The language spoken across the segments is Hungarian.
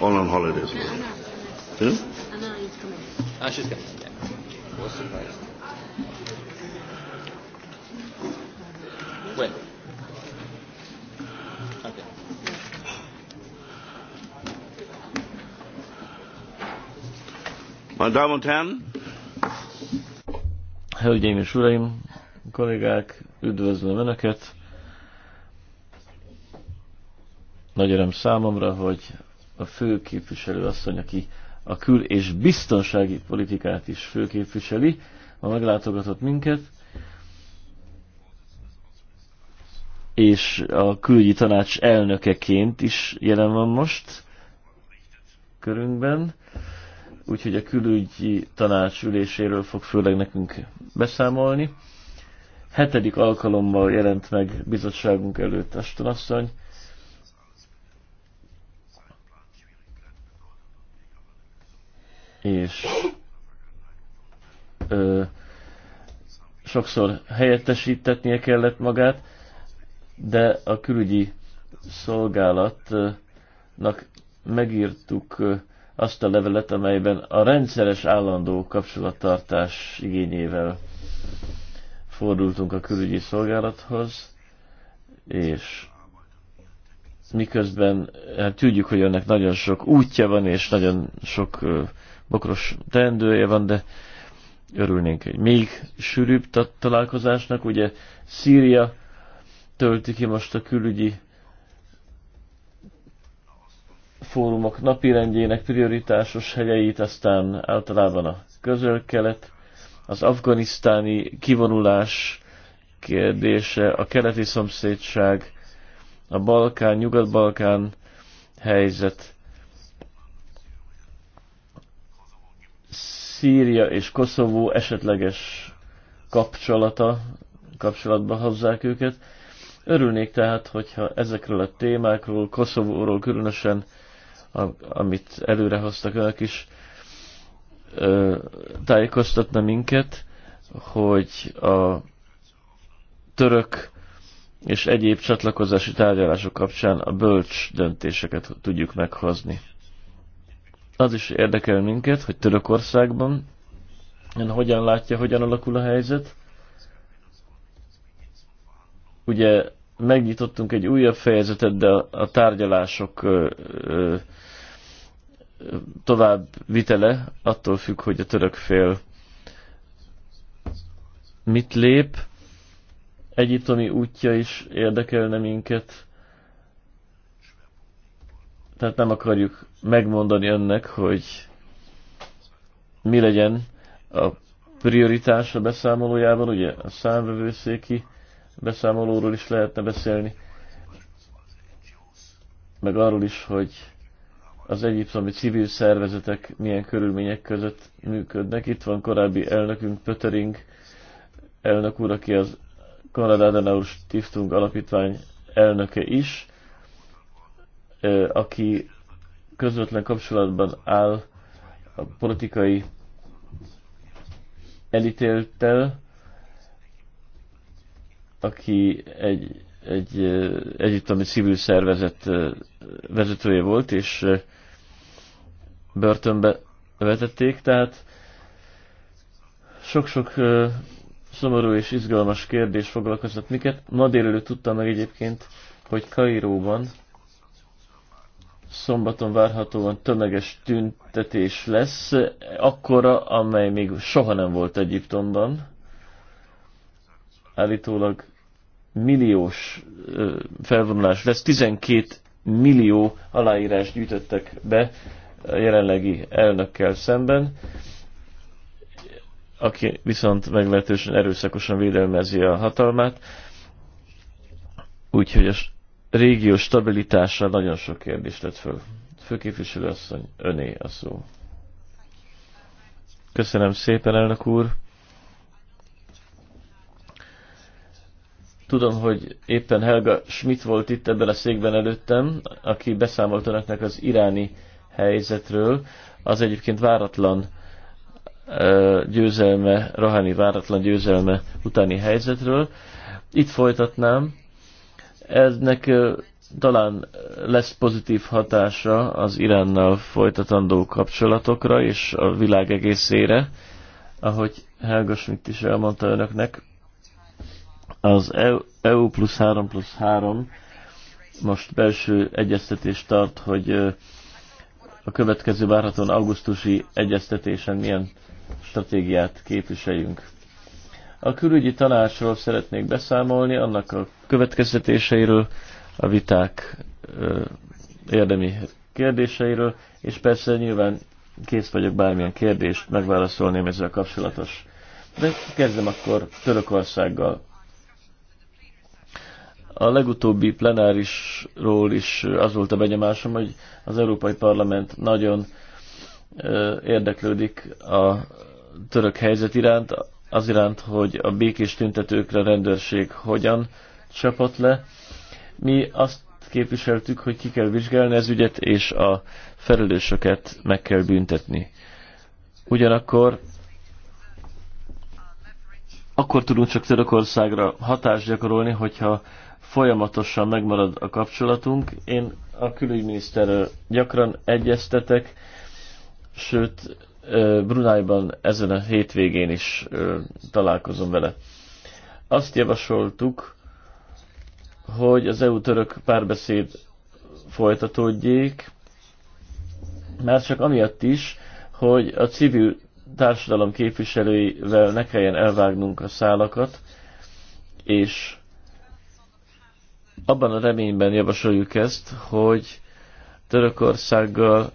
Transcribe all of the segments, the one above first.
All on holidays. Anna, Anna. is coming. Ah, she's coming. Yeah. Was surprised. When? Okay. Meine Damen und Herren, Hölgyeim és Uraim, kollégák, üdvözlöm Önöket! Nagy öröm számomra, hogy a főképviselő asszony, aki a kül- és biztonsági politikát is főképviseli, ma meglátogatott minket, és a külügyi tanács elnökeként is jelen van most körünkben, úgyhogy a külügyi tanács üléséről fog főleg nekünk beszámolni. Hetedik alkalommal jelent meg bizottságunk előtt Astonasszony, asszony, és ö, sokszor helyettesítetnie kellett magát, de a külügyi szolgálatnak megírtuk azt a levelet, amelyben a rendszeres állandó kapcsolattartás igényével fordultunk a külügyi szolgálathoz, és miközben hát tudjuk, hogy ennek nagyon sok útja van, és nagyon sok bokros teendője van, de örülnénk egy még sűrűbb találkozásnak. Ugye Szíria tölti ki most a külügyi fórumok napirendjének prioritásos helyeit, aztán általában a közölkelet, az afganisztáni kivonulás kérdése, a keleti szomszédság, a Balkán, Nyugat-Balkán helyzet, Szíria és Koszovó esetleges kapcsolata, kapcsolatba hozzák őket. Örülnék tehát, hogyha ezekről a témákról, Koszovóról különösen, amit előre hoztak önök is, tájékoztatna minket, hogy a török és egyéb csatlakozási tárgyalások kapcsán a bölcs döntéseket tudjuk meghozni. Az is érdekel minket, hogy Törökországban ön hogyan látja, hogyan alakul a helyzet. Ugye megnyitottunk egy újabb fejezetet, de a tárgyalások ö, ö, tovább vitele attól függ, hogy a török fél mit lép. Egyiptomi útja is érdekelne minket tehát nem akarjuk megmondani önnek, hogy mi legyen a prioritás a beszámolójában, ugye a számvevőszéki beszámolóról is lehetne beszélni, meg arról is, hogy az egyiptomi civil szervezetek milyen körülmények között működnek. Itt van korábbi elnökünk Pöttering elnök úr, aki az Konrad Adenauer Stiftung alapítvány elnöke is, aki közvetlen kapcsolatban áll a politikai elítéltel, aki egy, egy egyiptomi civil szervezet vezetője volt, és börtönbe vetették, tehát sok-sok szomorú és izgalmas kérdés foglalkoztat minket. Ma délelőtt tudtam meg egyébként, hogy Kairóban szombaton várhatóan tömeges tüntetés lesz, akkora, amely még soha nem volt Egyiptomban. Állítólag milliós felvonulás lesz, 12 millió aláírás gyűjtöttek be a jelenlegi elnökkel szemben, aki viszont meglehetősen erőszakosan védelmezi a hatalmát. Úgyhogy a régió stabilitásra nagyon sok kérdést tett föl. Főképviselő asszony, öné a szó. Köszönöm szépen, elnök úr. Tudom, hogy éppen Helga Schmidt volt itt ebben a székben előttem, aki beszámolt önöknek az iráni helyzetről. Az egyébként váratlan győzelme, Rahani váratlan győzelme utáni helyzetről. Itt folytatnám Eznek talán lesz pozitív hatása az Iránnal folytatandó kapcsolatokra és a világ egészére, ahogy Helga Schmidt is elmondta önöknek. Az EU e plusz 3 plusz 3 most belső egyeztetést tart, hogy a következő várhatóan augusztusi egyeztetésen milyen stratégiát képviseljünk. A külügyi tanácsról szeretnék beszámolni, annak a következtetéseiről, a viták érdemi kérdéseiről, és persze nyilván kész vagyok bármilyen kérdést megválaszolném ezzel kapcsolatos. De kezdem akkor Törökországgal. A legutóbbi plenárisról is az volt a benyomásom, hogy az Európai Parlament nagyon érdeklődik a török helyzet iránt, az iránt, hogy a békés tüntetőkre rendőrség hogyan csapott le. Mi azt képviseltük, hogy ki kell vizsgálni ez ügyet, és a felelősöket meg kell büntetni. Ugyanakkor akkor tudunk csak Törökországra hatást gyakorolni, hogyha folyamatosan megmarad a kapcsolatunk. Én a külügyminiszterrel gyakran egyeztetek, sőt Brunájban ezen a hétvégén is találkozom vele. Azt javasoltuk, hogy az EU-török párbeszéd folytatódjék, már csak amiatt is, hogy a civil társadalom képviselőivel ne kelljen elvágnunk a szálakat, és abban a reményben javasoljuk ezt, hogy Törökországgal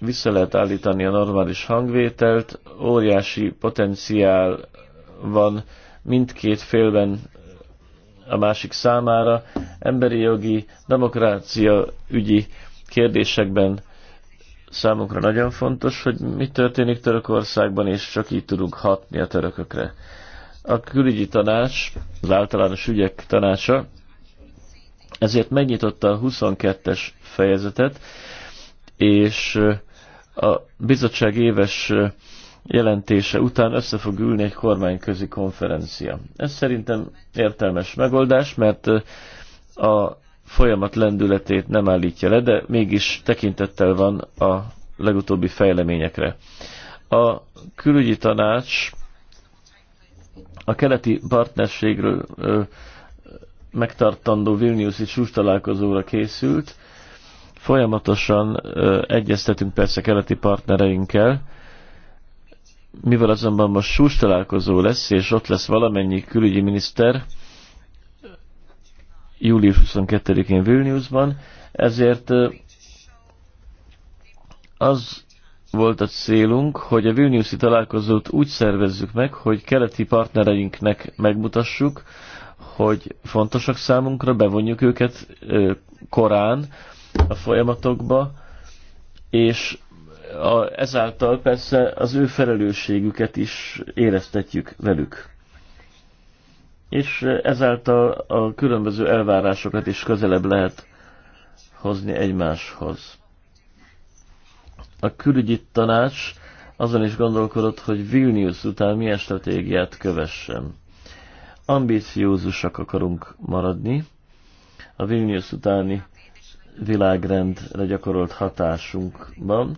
vissza lehet állítani a normális hangvételt, óriási potenciál van mindkét félben a másik számára, emberi jogi, demokrácia ügyi kérdésekben számunkra nagyon fontos, hogy mi történik Törökországban, és csak így tudunk hatni a törökökre. A külügyi tanács, az általános ügyek tanácsa, ezért megnyitotta a 22-es fejezetet, és a bizottság éves jelentése után össze fog ülni egy kormányközi konferencia. Ez szerintem értelmes megoldás, mert a folyamat lendületét nem állítja le, de mégis tekintettel van a legutóbbi fejleményekre. A külügyi tanács a keleti partnerségről megtartandó Vilniuszi csúcs találkozóra készült, Folyamatosan ö, egyeztetünk persze keleti partnereinkkel, mivel azonban most sús találkozó lesz, és ott lesz valamennyi külügyi miniszter július 22-én Vilniusban, ezért az volt a célunk, hogy a Vilniuszi találkozót úgy szervezzük meg, hogy keleti partnereinknek megmutassuk, hogy fontosak számunkra, bevonjuk őket korán, a folyamatokba, és a, ezáltal persze az ő felelősségüket is éreztetjük velük. És ezáltal a különböző elvárásokat is közelebb lehet hozni egymáshoz. A külügyi tanács azon is gondolkodott, hogy Vilnius után milyen stratégiát kövessen. Ambíciózusak akarunk maradni. A Vilnius utáni világrendre gyakorolt hatásunkban.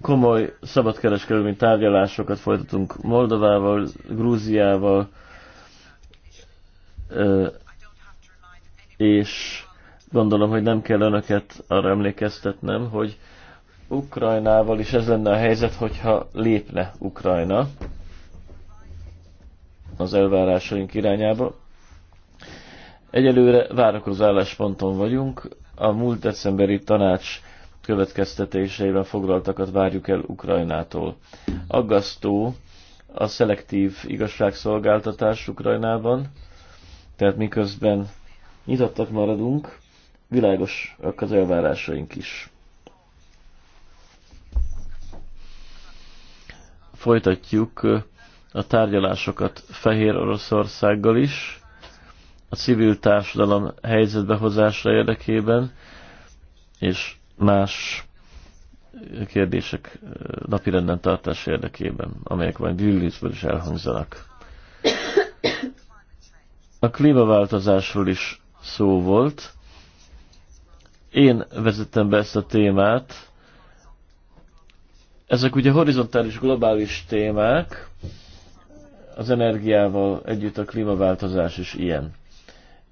Komoly szabadkereskedelmi tárgyalásokat folytatunk Moldovával, Grúziával, és gondolom, hogy nem kell önöket arra emlékeztetnem, hogy Ukrajnával is ez lenne a helyzet, hogyha lépne Ukrajna az elvárásaink irányába. Egyelőre várakozó állásponton vagyunk. A múlt decemberi tanács következtetéseiben foglaltakat várjuk el Ukrajnától. Aggasztó a szelektív igazságszolgáltatás Ukrajnában, tehát miközben nyitottak maradunk, világosak az elvárásaink is. Folytatjuk a tárgyalásokat Fehér Oroszországgal is, a civil társadalom helyzetbehozása érdekében, és más kérdések napirenden tartás érdekében, amelyek majd Gyűlésből is elhangzanak. A klímaváltozásról is szó volt. Én vezettem be ezt a témát. Ezek ugye horizontális, globális témák, az energiával együtt a klímaváltozás is ilyen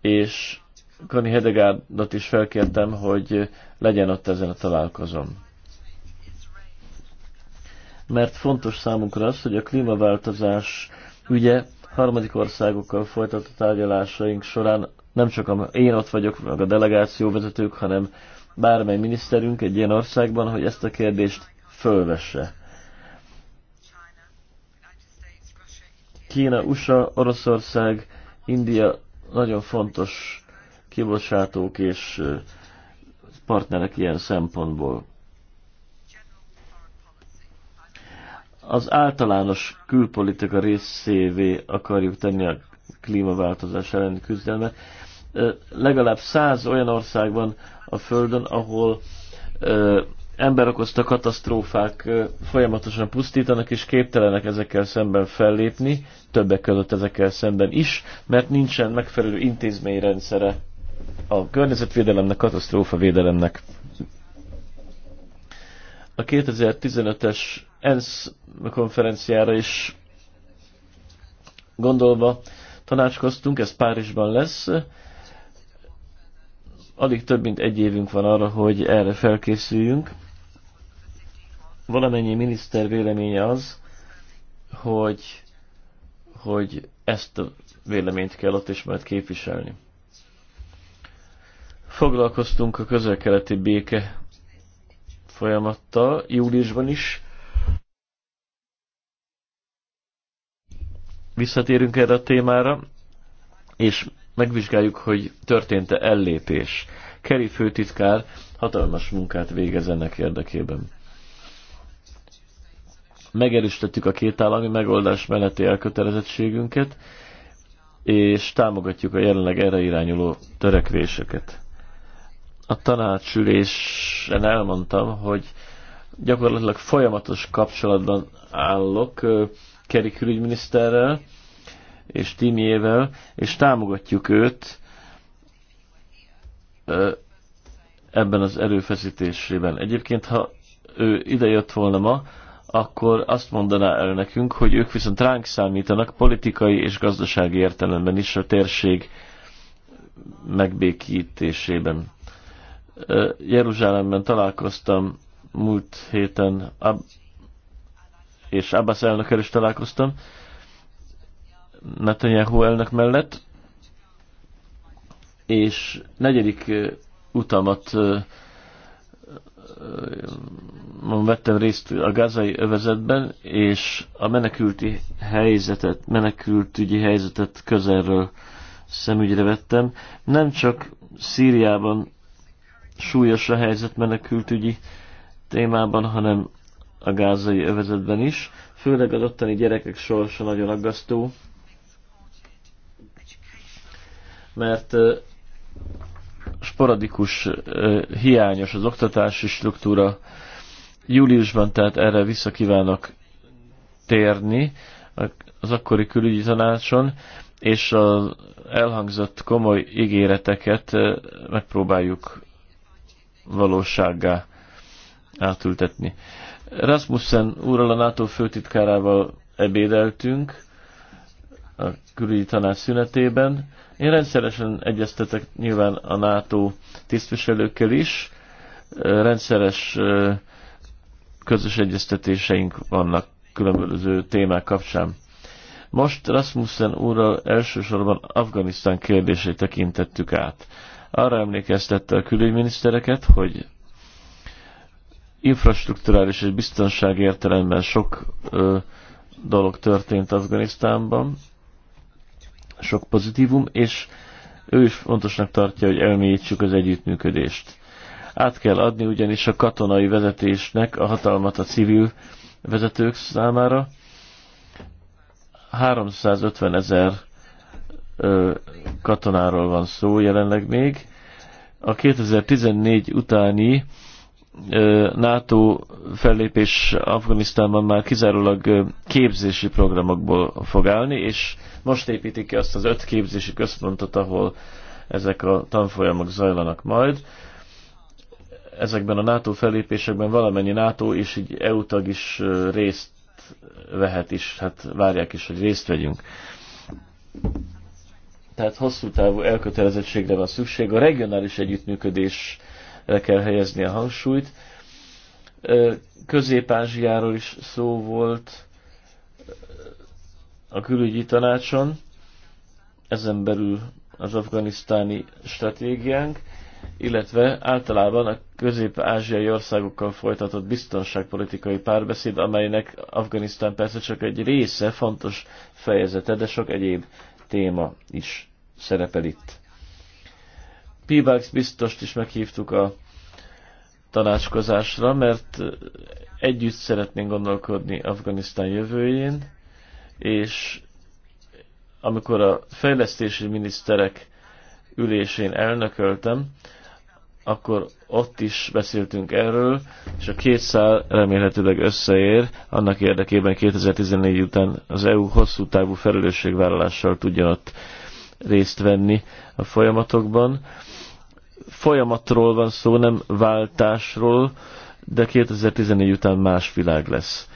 és Kani Hedegárdot is felkértem, hogy legyen ott ezen a találkozón. Mert fontos számunkra az, hogy a klímaváltozás ügye harmadik országokkal folytatott tárgyalásaink során nem csak a, én ott vagyok, meg a delegáció vezetők, hanem bármely miniszterünk egy ilyen országban, hogy ezt a kérdést fölvesse. Kína, USA, Oroszország, India, nagyon fontos kibocsátók és partnerek ilyen szempontból. Az általános külpolitika részévé akarjuk tenni a klímaváltozás elleni küzdelmet. Legalább száz olyan ország van a Földön, ahol ember okozta katasztrófák folyamatosan pusztítanak, és képtelenek ezekkel szemben fellépni, többek között ezekkel szemben is, mert nincsen megfelelő intézményrendszere a környezetvédelemnek, katasztrófa védelemnek. A 2015-es ENSZ konferenciára is gondolva tanácskoztunk, ez Párizsban lesz, alig több mint egy évünk van arra, hogy erre felkészüljünk valamennyi miniszter véleménye az, hogy, hogy ezt a véleményt kell ott is majd képviselni. Foglalkoztunk a közel-keleti béke folyamattal, júliusban is. Visszatérünk erre a témára, és megvizsgáljuk, hogy történt-e ellépés. Kerry főtitkár hatalmas munkát végez ennek érdekében megerősítettük a két állami megoldás melletti elkötelezettségünket, és támogatjuk a jelenleg erre irányuló törekvéseket. A tanácsülésen elmondtam, hogy gyakorlatilag folyamatos kapcsolatban állok Keri külügyminiszterrel és tímjével, és támogatjuk őt ebben az erőfeszítésében. Egyébként, ha ő idejött volna ma, akkor azt mondaná el nekünk, hogy ők viszont ránk számítanak politikai és gazdasági értelemben is a térség megbékítésében. Jeruzsálemben találkoztam múlt héten, Ab és Abbas elnökkel is találkoztam, Netanyahu elnök mellett, és negyedik utamat vettem részt a gázai övezetben, és a menekülti helyzetet, menekültügyi helyzetet közelről szemügyre vettem. Nem csak Szíriában súlyos a helyzet menekültügyi témában, hanem a gázai övezetben is. Főleg az ottani gyerekek sorsa nagyon aggasztó, mert sporadikus, hiányos az oktatási struktúra. Júliusban tehát erre vissza kívánok térni az akkori külügyi tanácson, és az elhangzott komoly ígéreteket megpróbáljuk valósággá átültetni. Rasmussen úrral a NATO főtitkárával ebédeltünk, a külügyi tanács szünetében. Én rendszeresen egyeztetek nyilván a NATO tisztviselőkkel is, rendszeres közös egyeztetéseink vannak különböző témák kapcsán. Most Rasmussen úrral elsősorban Afganisztán kérdését tekintettük át. Arra emlékeztette a külügyminisztereket, hogy infrastruktúrális és biztonsági értelemben sok ö, dolog történt Afganisztánban, sok pozitívum, és ő is fontosnak tartja, hogy elmélyítsük az együttműködést. Át kell adni ugyanis a katonai vezetésnek a hatalmat a civil vezetők számára. 350 ezer katonáról van szó jelenleg még. A 2014 utáni NATO fellépés Afganisztánban már kizárólag képzési programokból fog állni, és most építik ki azt az öt képzési központot, ahol ezek a tanfolyamok zajlanak majd. Ezekben a NATO fellépésekben valamennyi NATO és egy EU tag is részt vehet is, hát várják is, hogy részt vegyünk. Tehát hosszú távú elkötelezettségre van szükség. A regionális együttműködés le kell helyezni a hangsúlyt. Közép-Ázsiáról is szó volt a külügyi tanácson, ezen belül az afganisztáni stratégiánk, illetve általában a közép-ázsiai országokkal folytatott biztonságpolitikai párbeszéd, amelynek Afganisztán persze csak egy része, fontos fejezete, de sok egyéb téma is szerepel itt. Pibax biztost is meghívtuk a tanácskozásra, mert együtt szeretnénk gondolkodni Afganisztán jövőjén, és amikor a fejlesztési miniszterek ülésén elnököltem, akkor ott is beszéltünk erről, és a két szál remélhetőleg összeér, annak érdekében 2014 után az EU hosszú távú felelősségvállalással tudjon ott részt venni a folyamatokban. Folyamatról van szó, nem váltásról, de 2014 után más világ lesz.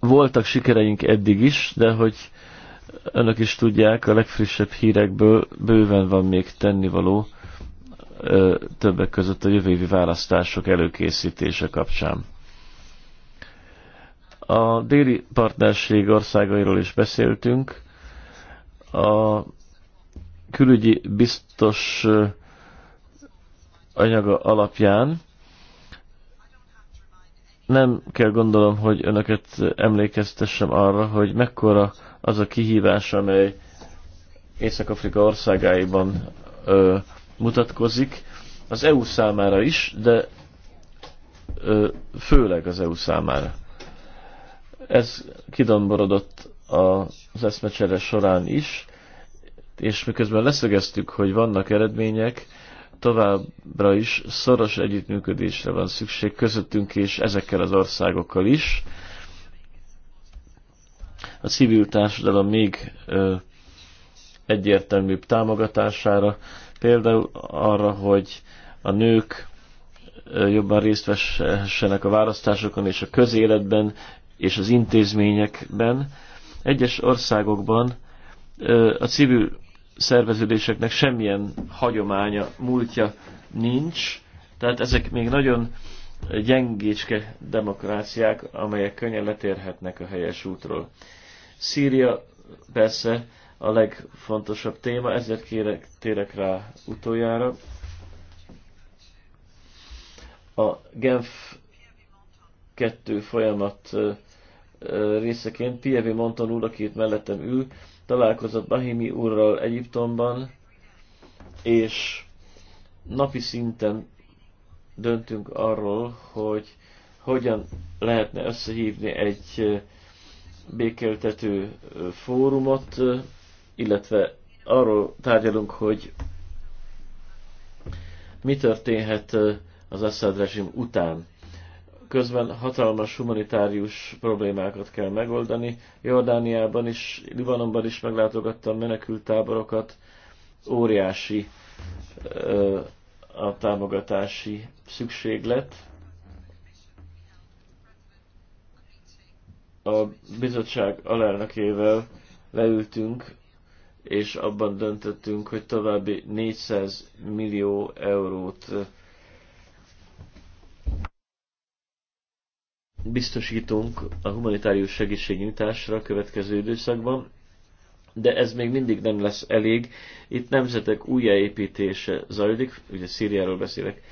Voltak sikereink eddig is, de hogy önök is tudják, a legfrissebb hírekből bőven van még tennivaló ö, többek között a jövő évi választások előkészítése kapcsán. A déli partnerség országairól is beszéltünk, a külügyi biztos anyaga alapján nem kell gondolom, hogy önöket emlékeztessem arra, hogy mekkora az a kihívás, amely Észak-Afrika országáiban ö, mutatkozik, az EU számára is, de ö, főleg az EU számára. Ez kidomborodott a az eszmecsere során is, és miközben leszögeztük, hogy vannak eredmények, továbbra is szoros együttműködésre van szükség közöttünk és ezekkel az országokkal is. A civil társadalom még ö, egyértelműbb támogatására, például arra, hogy a nők jobban részt vessenek a választásokon és a közéletben és az intézményekben, egyes országokban a civil szerveződéseknek semmilyen hagyománya, múltja nincs, tehát ezek még nagyon gyengécske demokráciák, amelyek könnyen letérhetnek a helyes útról. Szíria persze a legfontosabb téma, ezért kérek, térek rá utoljára. A Genf 2 folyamat részeként Pievi Monton úr, aki itt mellettem ül, találkozott Bahimi úrral Egyiptomban, és napi szinten döntünk arról, hogy hogyan lehetne összehívni egy békeltető fórumot, illetve arról tárgyalunk, hogy mi történhet az Assad rezsim után közben hatalmas humanitárius problémákat kell megoldani. Jordániában is, Libanonban is meglátogattam menekültáborokat, óriási a támogatási szükséglet. A bizottság alelnökével leültünk, és abban döntöttünk, hogy további 400 millió eurót biztosítunk a humanitárius segítségnyújtásra a következő időszakban, de ez még mindig nem lesz elég. Itt nemzetek újjáépítése zajlik, ugye Szíriáról beszélek,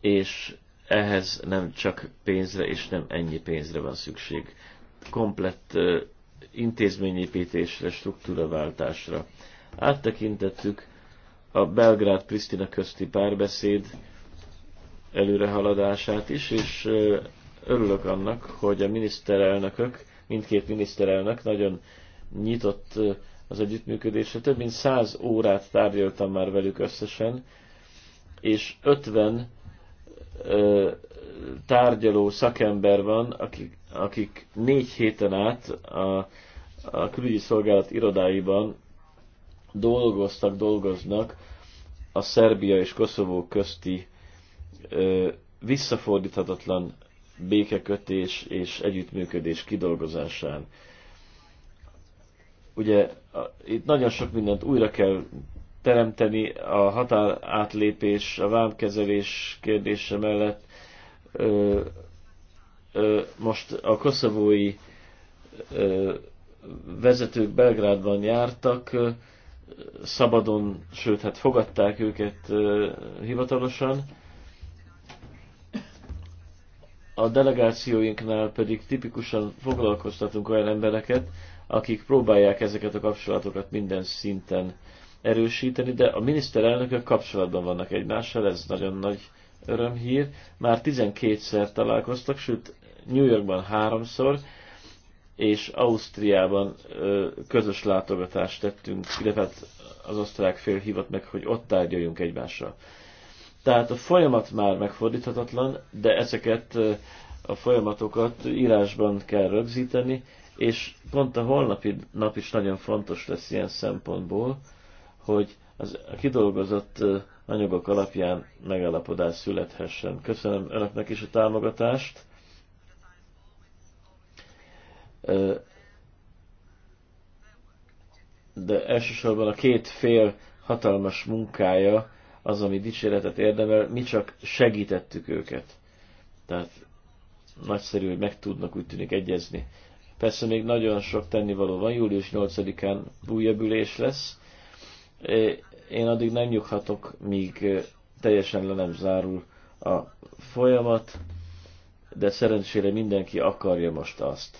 és ehhez nem csak pénzre és nem ennyi pénzre van szükség. Komplett intézményépítésre, struktúraváltásra. Áttekintettük a Belgrád-Pristina közti párbeszéd előrehaladását is, és Örülök annak, hogy a miniszterelnökök, mindkét miniszterelnök nagyon nyitott az együttműködésre. Több mint száz órát tárgyaltam már velük összesen, és 50 ö, tárgyaló szakember van, akik, akik négy héten át a, a külügyi szolgálat irodáiban dolgoztak, dolgoznak a Szerbia és Koszovó közti ö, visszafordíthatatlan békekötés és együttműködés kidolgozásán. Ugye itt nagyon sok mindent újra kell teremteni a határ átlépés, a vámkezelés kérdése mellett. Ö, ö, most a koszovói ö, vezetők Belgrádban jártak, ö, szabadon, sőt, hát fogadták őket ö, hivatalosan, a delegációinknál pedig tipikusan foglalkoztatunk olyan embereket, akik próbálják ezeket a kapcsolatokat minden szinten erősíteni, de a miniszterelnökök kapcsolatban vannak egymással, ez nagyon nagy örömhír. Már 12-szer találkoztak, sőt New Yorkban háromszor, és Ausztriában ö, közös látogatást tettünk, illetve hát az osztrák fél hívott meg, hogy ott tárgyaljunk egymással. Tehát a folyamat már megfordíthatatlan, de ezeket a folyamatokat írásban kell rögzíteni, és pont a holnapi nap is nagyon fontos lesz ilyen szempontból, hogy az a kidolgozott anyagok alapján megállapodás születhessen. Köszönöm Önöknek is a támogatást. De elsősorban a két fél hatalmas munkája, az, ami dicséretet érdemel, mi csak segítettük őket. Tehát nagyszerű, hogy meg tudnak úgy tűnik egyezni. Persze még nagyon sok tennivaló van, július 8-án újabb ülés lesz. Én addig nem nyughatok, míg teljesen le nem zárul a folyamat, de szerencsére mindenki akarja most azt.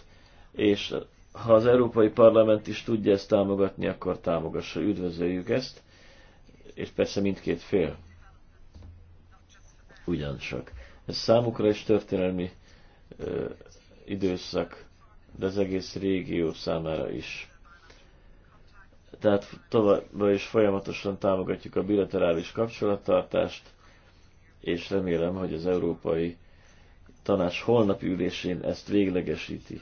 És ha az Európai Parlament is tudja ezt támogatni, akkor támogassa, üdvözöljük ezt és persze mindkét fél ugyancsak. Ez számukra is történelmi ö, időszak, de az egész régió számára is. Tehát továbbra is folyamatosan támogatjuk a bilaterális kapcsolattartást, és remélem, hogy az Európai Tanács holnapi ülésén ezt véglegesíti.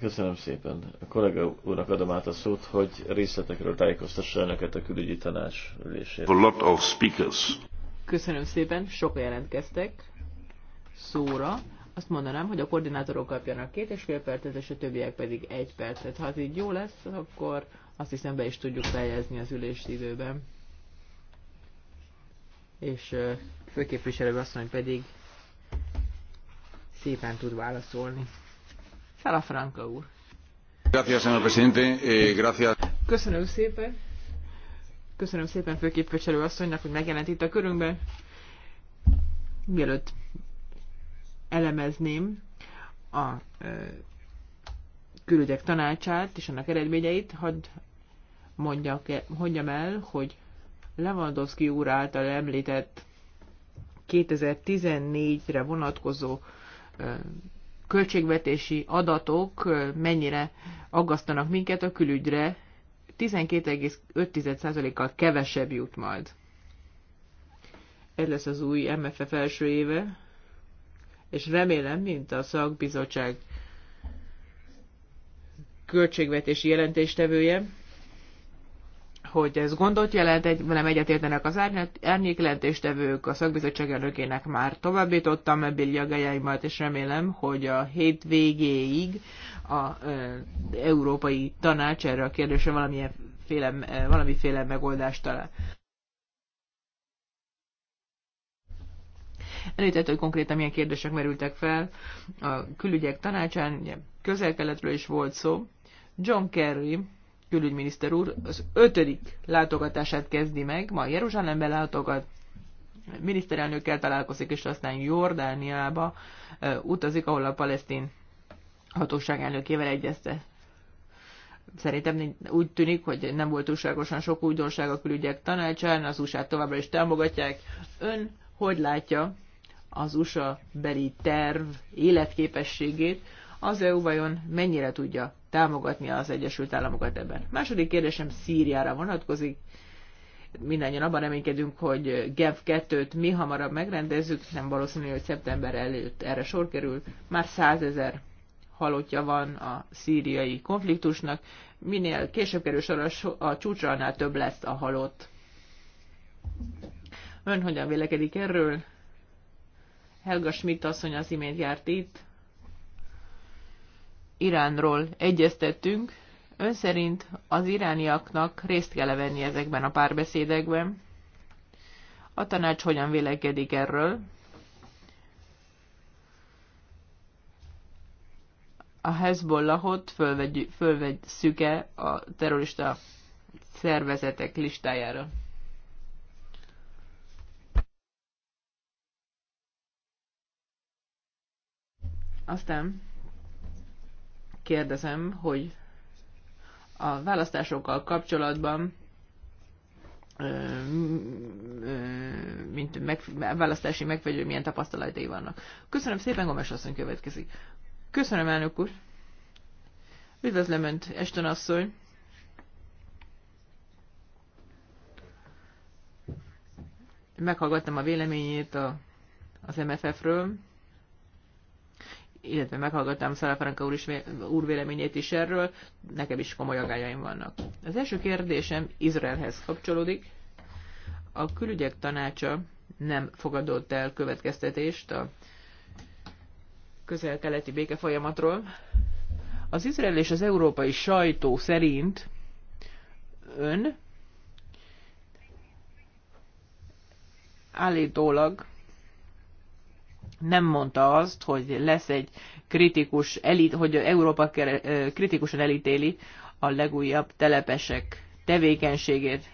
Köszönöm szépen. A kollega úrnak adom át a szót, hogy részletekről tájékoztassa önöket a külügyi tanács ülését. A lot of speakers. Köszönöm szépen, sok jelentkeztek szóra. Azt mondanám, hogy a koordinátorok kapjanak két és fél percet, és a többiek pedig egy percet. Ha ez így jó lesz, akkor azt hiszem be is tudjuk fejezni az ülés időben. És főképviselő asszony pedig szépen tud válaszolni. Salafranca úr. Eh, Köszönöm szépen. Köszönöm szépen főképviselő asszonynak, hogy megjelent itt a körünkben. Mielőtt elemezném a külügyek tanácsát és annak eredményeit, hadd mondjak, e, mondjam el, hogy Lewandowski úr által említett 2014-re vonatkozó költségvetési adatok mennyire aggasztanak minket a külügyre, 12,5%-kal kevesebb jut majd. Ez lesz az új MFF első éve, és remélem, mint a szakbizottság költségvetési jelentéstevője, hogy ez gondot jelent, egy, nem egyetértenek az árnyéklentéstevők, a szakbizottság elnökének már továbbítottam a aggájaimat, és remélem, hogy a hét végéig a e, Európai Tanács erre a kérdésre valamilyen féle, e, valamiféle megoldást talál. Említett, hogy konkrétan milyen kérdések merültek fel a külügyek tanácsán, közel-keletről is volt szó. John Kerry, külügyminiszter úr az ötödik látogatását kezdi meg, ma Jeruzsálembe látogat, miniszterelnökkel találkozik, és aztán Jordániába utazik, ahol a palesztin hatóság elnökével egyezte. Szerintem úgy tűnik, hogy nem volt túlságosan sok újdonság a külügyek tanácsán, az usa továbbra is támogatják. Ön hogy látja az USA beli terv életképességét, az EU vajon mennyire tudja támogatnia az Egyesült Államokat ebben. Második kérdésem Szíriára vonatkozik. Mindannyian abban reménykedünk, hogy Genf 2-t mi hamarabb megrendezzük, nem valószínű, hogy szeptember előtt erre sor kerül. Már százezer halottja van a szíriai konfliktusnak. Minél később kerül sor a, so a csúcsra, annál több lesz a halott. Ön hogyan vélekedik erről? Helga Schmidt asszony az imént járt itt. Iránról egyeztettünk. Ön szerint az irániaknak részt kell venni ezekben a párbeszédekben? A tanács hogyan vélekedik erről? A Hezbollahot fölvesszük-e a terrorista szervezetek listájára? Aztán kérdezem, hogy a választásokkal kapcsolatban mint meg, választási megfelelő, milyen tapasztalatai vannak. Köszönöm szépen, Gomes asszony következik. Köszönöm, elnök úr. Üdvözlöm Önt, Eston asszony. Meghallgattam a véleményét a, az MFF-ről illetve meghallgattam Franka úr, is, úr véleményét is erről, nekem is komoly agályaim vannak. Az első kérdésem Izraelhez kapcsolódik. A külügyek tanácsa nem fogadott el következtetést a közel-keleti béke folyamatról. Az izrael és az európai sajtó szerint ön állítólag nem mondta azt, hogy lesz egy kritikus elit, hogy Európa kritikusan elítéli a legújabb telepesek tevékenységét.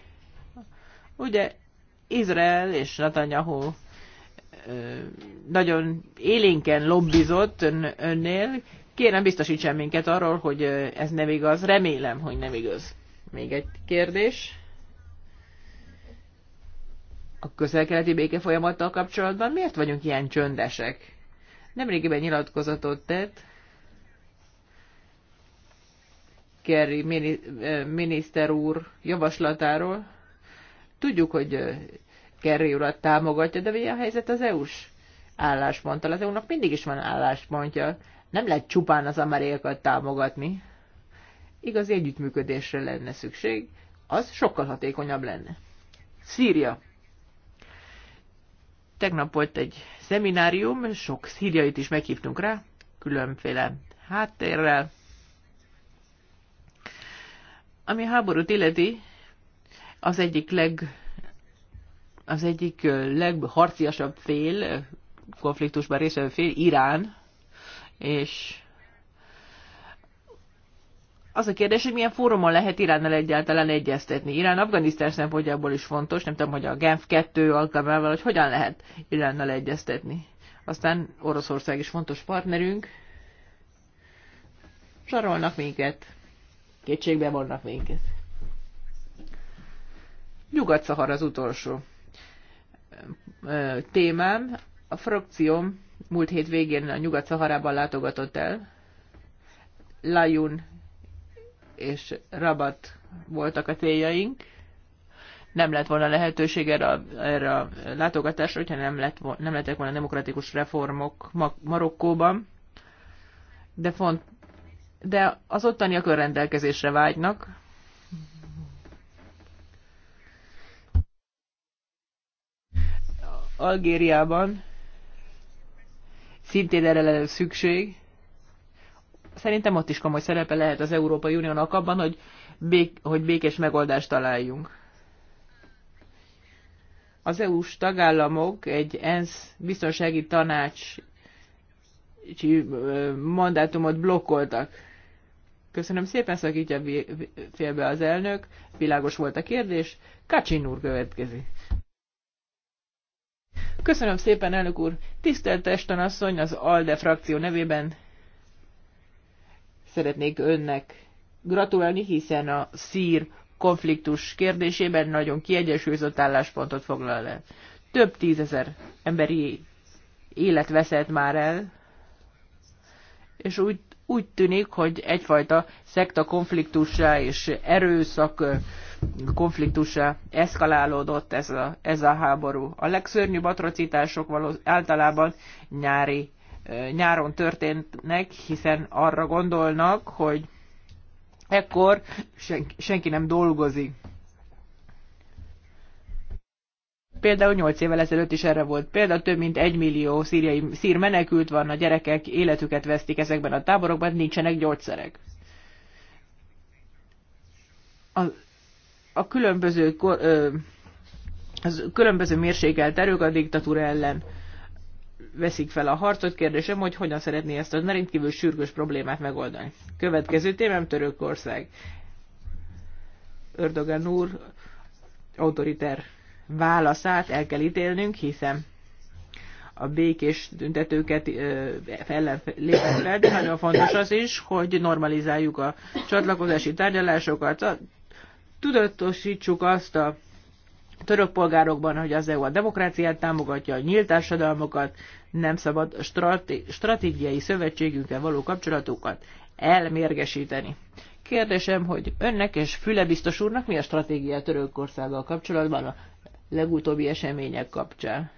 Ugye Izrael és Netanyahu nagyon élénken lobbizott ön, önnél. Kérem, biztosítsen minket arról, hogy ez nem igaz. Remélem, hogy nem igaz. Még egy kérdés a közel-keleti béke folyamattal kapcsolatban miért vagyunk ilyen csöndesek? Nemrégiben nyilatkozatot tett Kerry miniszter úr javaslatáról. Tudjuk, hogy Kerry urat támogatja, de milyen a helyzet az EU-s állásponttal? Az EU-nak mindig is van álláspontja. Nem lehet csupán az amerikaiakat támogatni. Igazi együttműködésre lenne szükség, az sokkal hatékonyabb lenne. Szíria. Tegnap volt egy szeminárium, sok szíriait is meghívtunk rá, különféle háttérrel. Ami háborút illeti, az egyik leg az egyik legharciasabb fél, konfliktusban részvevő fél, Irán, és az a kérdés, hogy milyen fórumon lehet Iránnal egyáltalán egyeztetni. Irán Afganisztán szempontjából is fontos, nem tudom, hogy a Genf 2 alkalmával, hogy hogyan lehet Iránnal egyeztetni. Aztán Oroszország is fontos partnerünk. Sarolnak minket. Kétségbe vannak minket. Nyugat-Szahar az utolsó témám. A frakcióm múlt hét végén a Nyugat-Szaharában látogatott el. Lajun és Rabat voltak a céljaink. Nem lett volna lehetőség erre a, erre a látogatásra, hogyha nem, lett, nem lettek volna demokratikus reformok Marokkóban. De, font, de az ottaniak önrendelkezésre vágynak, Algériában szintén erre lenne szükség. Szerintem ott is komoly szerepe lehet az Európai Uniónak abban, hogy, bék, hogy békés megoldást találjunk. Az EU-s tagállamok egy ENSZ biztonsági tanács mandátumot blokkoltak. Köszönöm szépen, szakítja félbe az elnök. Világos volt a kérdés. Kacsin úr következik. Köszönöm szépen, elnök úr! Tisztelt Eston az ALDE frakció nevében szeretnék önnek gratulálni, hiszen a szír konfliktus kérdésében nagyon kiegyensúlyozott álláspontot foglal el. Több tízezer emberi élet veszett már el, és úgy, úgy tűnik, hogy egyfajta szekta konfliktussá és erőszak konfliktussá eszkalálódott ez a, ez a háború. A legszörnyűbb atrocitások való, általában nyári nyáron történtnek, hiszen arra gondolnak, hogy ekkor senki, nem dolgozik. Például 8 évvel ezelőtt is erre volt példa, több mint 1 millió szíriai, szír menekült van, a gyerekek életüket vesztik ezekben a táborokban, nincsenek gyógyszerek. A, a különböző, ö, az különböző mérsékelt erők a diktatúra ellen veszik fel a harcot. Kérdésem, hogy hogyan szeretné ezt a rendkívül sürgős problémát megoldani. Következő témám Törökország. Ördogan úr autoriter válaszát el kell ítélnünk, hiszen a békés tüntetőket lépett fel, de nagyon fontos az is, hogy normalizáljuk a csatlakozási tárgyalásokat, tudatosítsuk azt a török polgárokban, hogy az EU a demokráciát támogatja, a nyílt társadalmokat, nem szabad stratégiai szövetségünkkel való kapcsolatukat elmérgesíteni. Kérdésem, hogy önnek és Füle biztos úrnak mi a stratégia Törökországgal kapcsolatban a legutóbbi események kapcsán?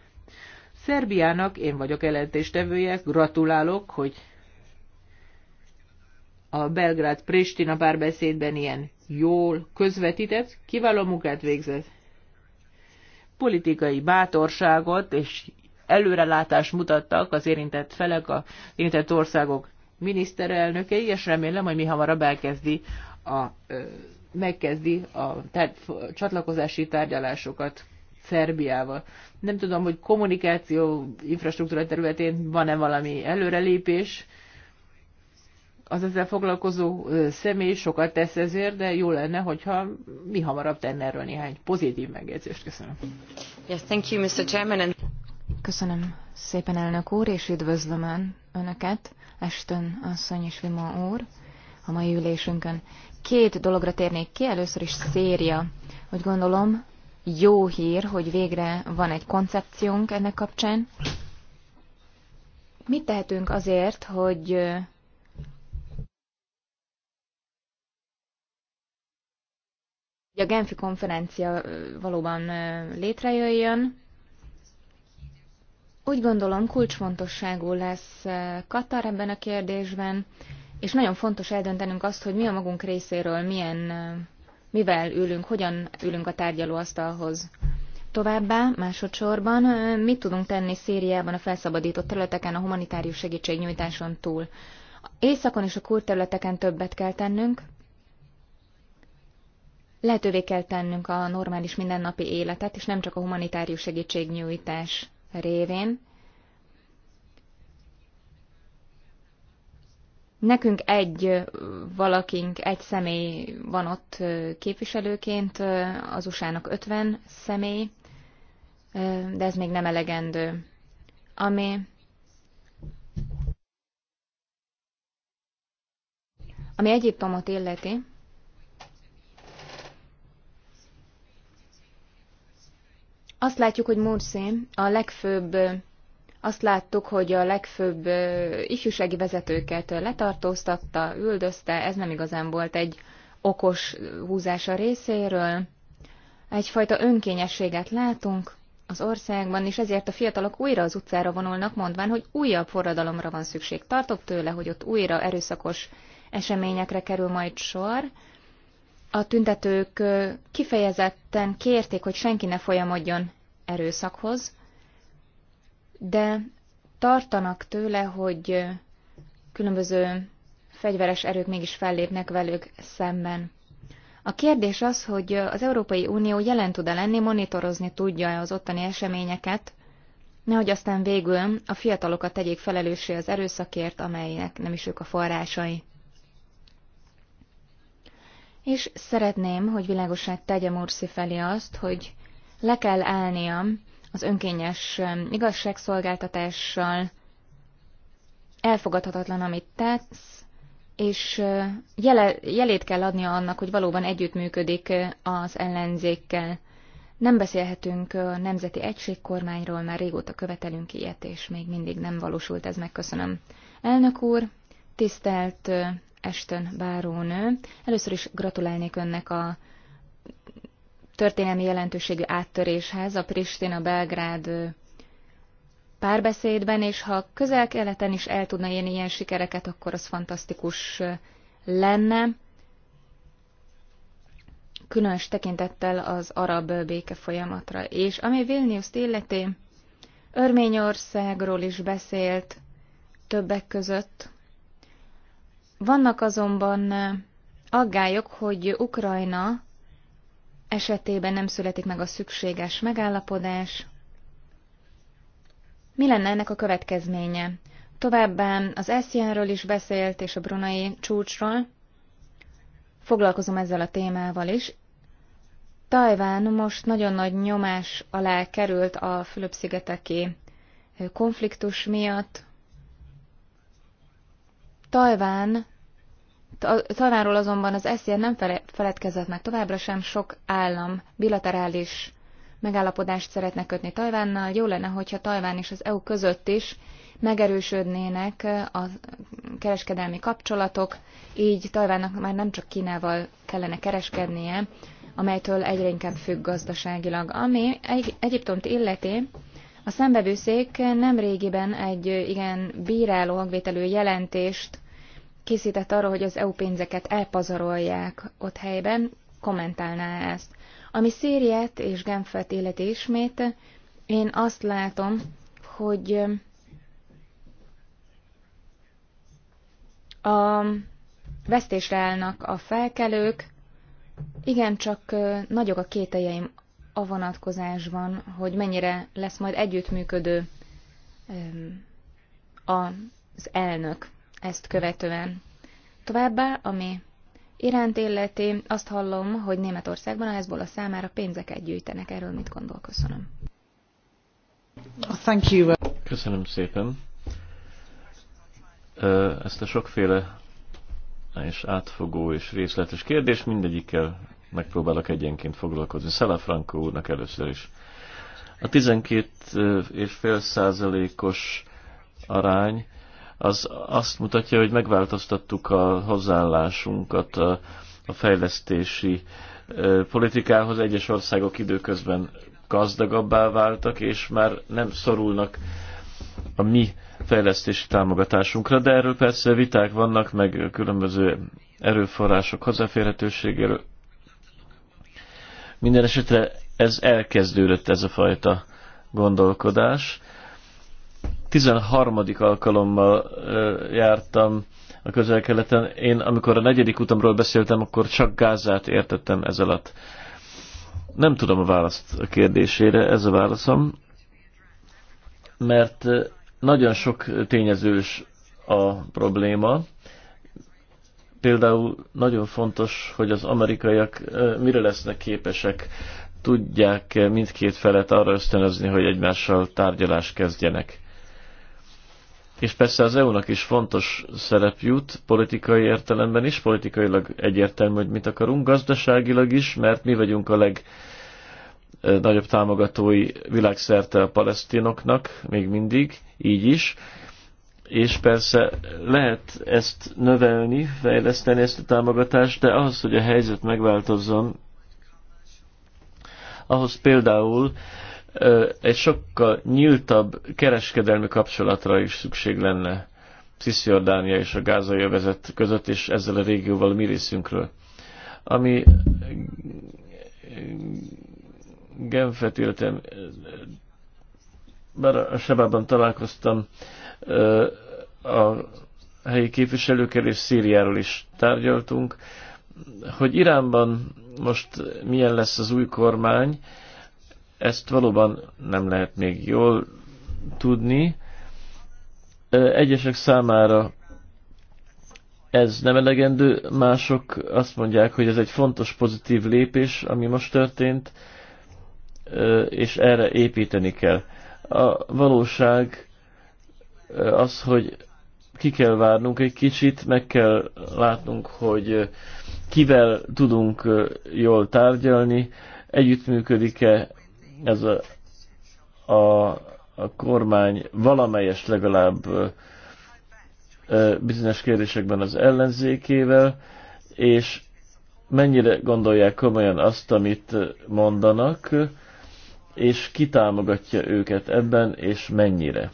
Szerbiának én vagyok jelentéstevője, gratulálok, hogy a Belgrád-Pristina párbeszédben ilyen jól közvetített, kiváló munkát végzett. Politikai bátorságot és előrelátást mutattak az érintett felek, az érintett országok miniszterelnökei, és remélem, hogy mi hamarabb elkezdi a, megkezdi a tár, csatlakozási tárgyalásokat Szerbiával. Nem tudom, hogy kommunikáció infrastruktúra területén van-e valami előrelépés, az ezzel foglalkozó személy sokat tesz ezért, de jó lenne, hogyha mi hamarabb tenne erről néhány pozitív megjegyzést. Köszönöm. Yes, thank you, Mr. Chairman. And... Köszönöm szépen, elnök úr, és üdvözlöm ön, önöket, Estön asszony és Vima úr, a mai ülésünkön. Két dologra térnék ki, először is széria. Úgy gondolom, jó hír, hogy végre van egy koncepciónk ennek kapcsán. Mit tehetünk azért, hogy a Genfi konferencia valóban létrejöjjön, úgy gondolom kulcsfontosságú lesz eh, Katar ebben a kérdésben, és nagyon fontos eldöntenünk azt, hogy mi a magunk részéről milyen, eh, mivel ülünk, hogyan ülünk a tárgyalóasztalhoz. Továbbá, másodszorban, eh, mit tudunk tenni Szíriában a felszabadított területeken a humanitárius segítségnyújtáson túl? Északon és a kurd területeken többet kell tennünk, lehetővé kell tennünk a normális mindennapi életet, és nem csak a humanitárius segítségnyújtás révén. Nekünk egy valakink, egy személy van ott képviselőként, az USA-nak 50 személy, de ez még nem elegendő. Ami ami Egyiptomot illeti, Azt látjuk, hogy Mursi a legfőbb, azt láttuk, hogy a legfőbb ifjúsági vezetőket letartóztatta, üldözte, ez nem igazán volt egy okos húzása részéről. Egyfajta önkényességet látunk az országban, és ezért a fiatalok újra az utcára vonulnak, mondván, hogy újabb forradalomra van szükség. Tartok tőle, hogy ott újra erőszakos eseményekre kerül majd sor, a tüntetők kifejezetten kérték, hogy senki ne folyamodjon erőszakhoz, de tartanak tőle, hogy különböző fegyveres erők mégis fellépnek velük szemben. A kérdés az, hogy az Európai Unió jelen tud-e lenni, monitorozni tudja-e az ottani eseményeket, nehogy aztán végül a fiatalokat tegyék felelőssé az erőszakért, amelynek nem is ők a forrásai és szeretném, hogy világosát tegye Morsi felé azt, hogy le kell állnia az önkényes um, igazságszolgáltatással, elfogadhatatlan, amit tesz, és uh, jele, jelét kell adnia annak, hogy valóban együttműködik uh, az ellenzékkel. Nem beszélhetünk a uh, nemzeti egységkormányról, már régóta követelünk ilyet, és még mindig nem valósult ez meg, köszönöm. Elnök úr, tisztelt Ashton bárónő. Először is gratulálnék önnek a történelmi jelentőségű áttöréshez a Pristina-Belgrád párbeszédben, és ha közel-keleten is el tudna élni ilyen sikereket, akkor az fantasztikus lenne. Különös tekintettel az arab béke folyamatra. És ami Vilnius illeti, Örményországról is beszélt többek között, vannak azonban aggályok, hogy Ukrajna esetében nem születik meg a szükséges megállapodás. Mi lenne ennek a következménye? Továbbá az szia is beszélt, és a brunai csúcsról. Foglalkozom ezzel a témával is. Tajván most nagyon nagy nyomás alá került a Fülöp-szigeteki konfliktus miatt, Talván, talvánról azonban az eszér nem feledkezett meg továbbra sem, sok állam bilaterális megállapodást szeretne kötni Tajvánnal. Jó lenne, hogyha Tajván és az EU között is megerősödnének a kereskedelmi kapcsolatok, így Tajvánnak már nem csak Kínával kellene kereskednie, amelytől egyre inkább függ gazdaságilag. Ami Egyiptomt illeti, a szembevőszék nemrégiben egy igen bíráló hangvételű jelentést készített arról, hogy az EU pénzeket elpazarolják ott helyben, kommentálná ezt. Ami Szíriát és Genfet életi ismét, én azt látom, hogy a vesztésre állnak a felkelők, Igen, csak nagyok a kételjeim a vonatkozásban, hogy mennyire lesz majd együttműködő az elnök ezt követően. Továbbá, ami iránt illeti, azt hallom, hogy Németországban a Hezbollah számára pénzeket gyűjtenek. Erről mit gondol? Köszönöm. Thank you. Köszönöm szépen. Ezt a sokféle és átfogó és részletes kérdés mindegyikkel megpróbálok egyenként foglalkozni. Franco úrnak először is. A 12,5 százalékos arány az azt mutatja, hogy megváltoztattuk a hozzáállásunkat a, a fejlesztési politikához. Egyes országok időközben gazdagabbá váltak, és már nem szorulnak a mi fejlesztési támogatásunkra, de erről persze viták vannak, meg különböző erőforrások hozzáférhetőségéről minden esetre ez elkezdődött ez a fajta gondolkodás. 13. alkalommal jártam a közel-keleten. Én, amikor a negyedik utamról beszéltem, akkor csak Gázát értettem ez alatt. Nem tudom a választ a kérdésére, ez a válaszom, mert nagyon sok tényezős a probléma. Például nagyon fontos, hogy az amerikaiak mire lesznek képesek, tudják mindkét felet arra ösztönözni, hogy egymással tárgyalást kezdjenek. És persze az EU-nak is fontos szerep jut, politikai értelemben is, politikailag egyértelmű, hogy mit akarunk, gazdaságilag is, mert mi vagyunk a legnagyobb támogatói világszerte a palesztinoknak, még mindig, így is és persze lehet ezt növelni, fejleszteni ezt a támogatást, de ahhoz, hogy a helyzet megváltozzon, ahhoz például egy sokkal nyíltabb kereskedelmi kapcsolatra is szükség lenne Cisziordánia és a gázai övezet között, és ezzel a régióval a mi részünkről. Ami Genfet illetve bár a Sebában találkoztam a helyi képviselőkkel és Szíriáról is tárgyaltunk, hogy Iránban most milyen lesz az új kormány, ezt valóban nem lehet még jól tudni. Egyesek számára ez nem elegendő, mások azt mondják, hogy ez egy fontos pozitív lépés, ami most történt, és erre építeni kell. A valóság az, hogy ki kell várnunk egy kicsit, meg kell látnunk, hogy kivel tudunk jól tárgyalni, együttműködik-e ez a, a, a kormány valamelyes legalább bizonyos kérdésekben az ellenzékével, és mennyire gondolják komolyan azt, amit mondanak, és kitámogatja őket ebben, és mennyire.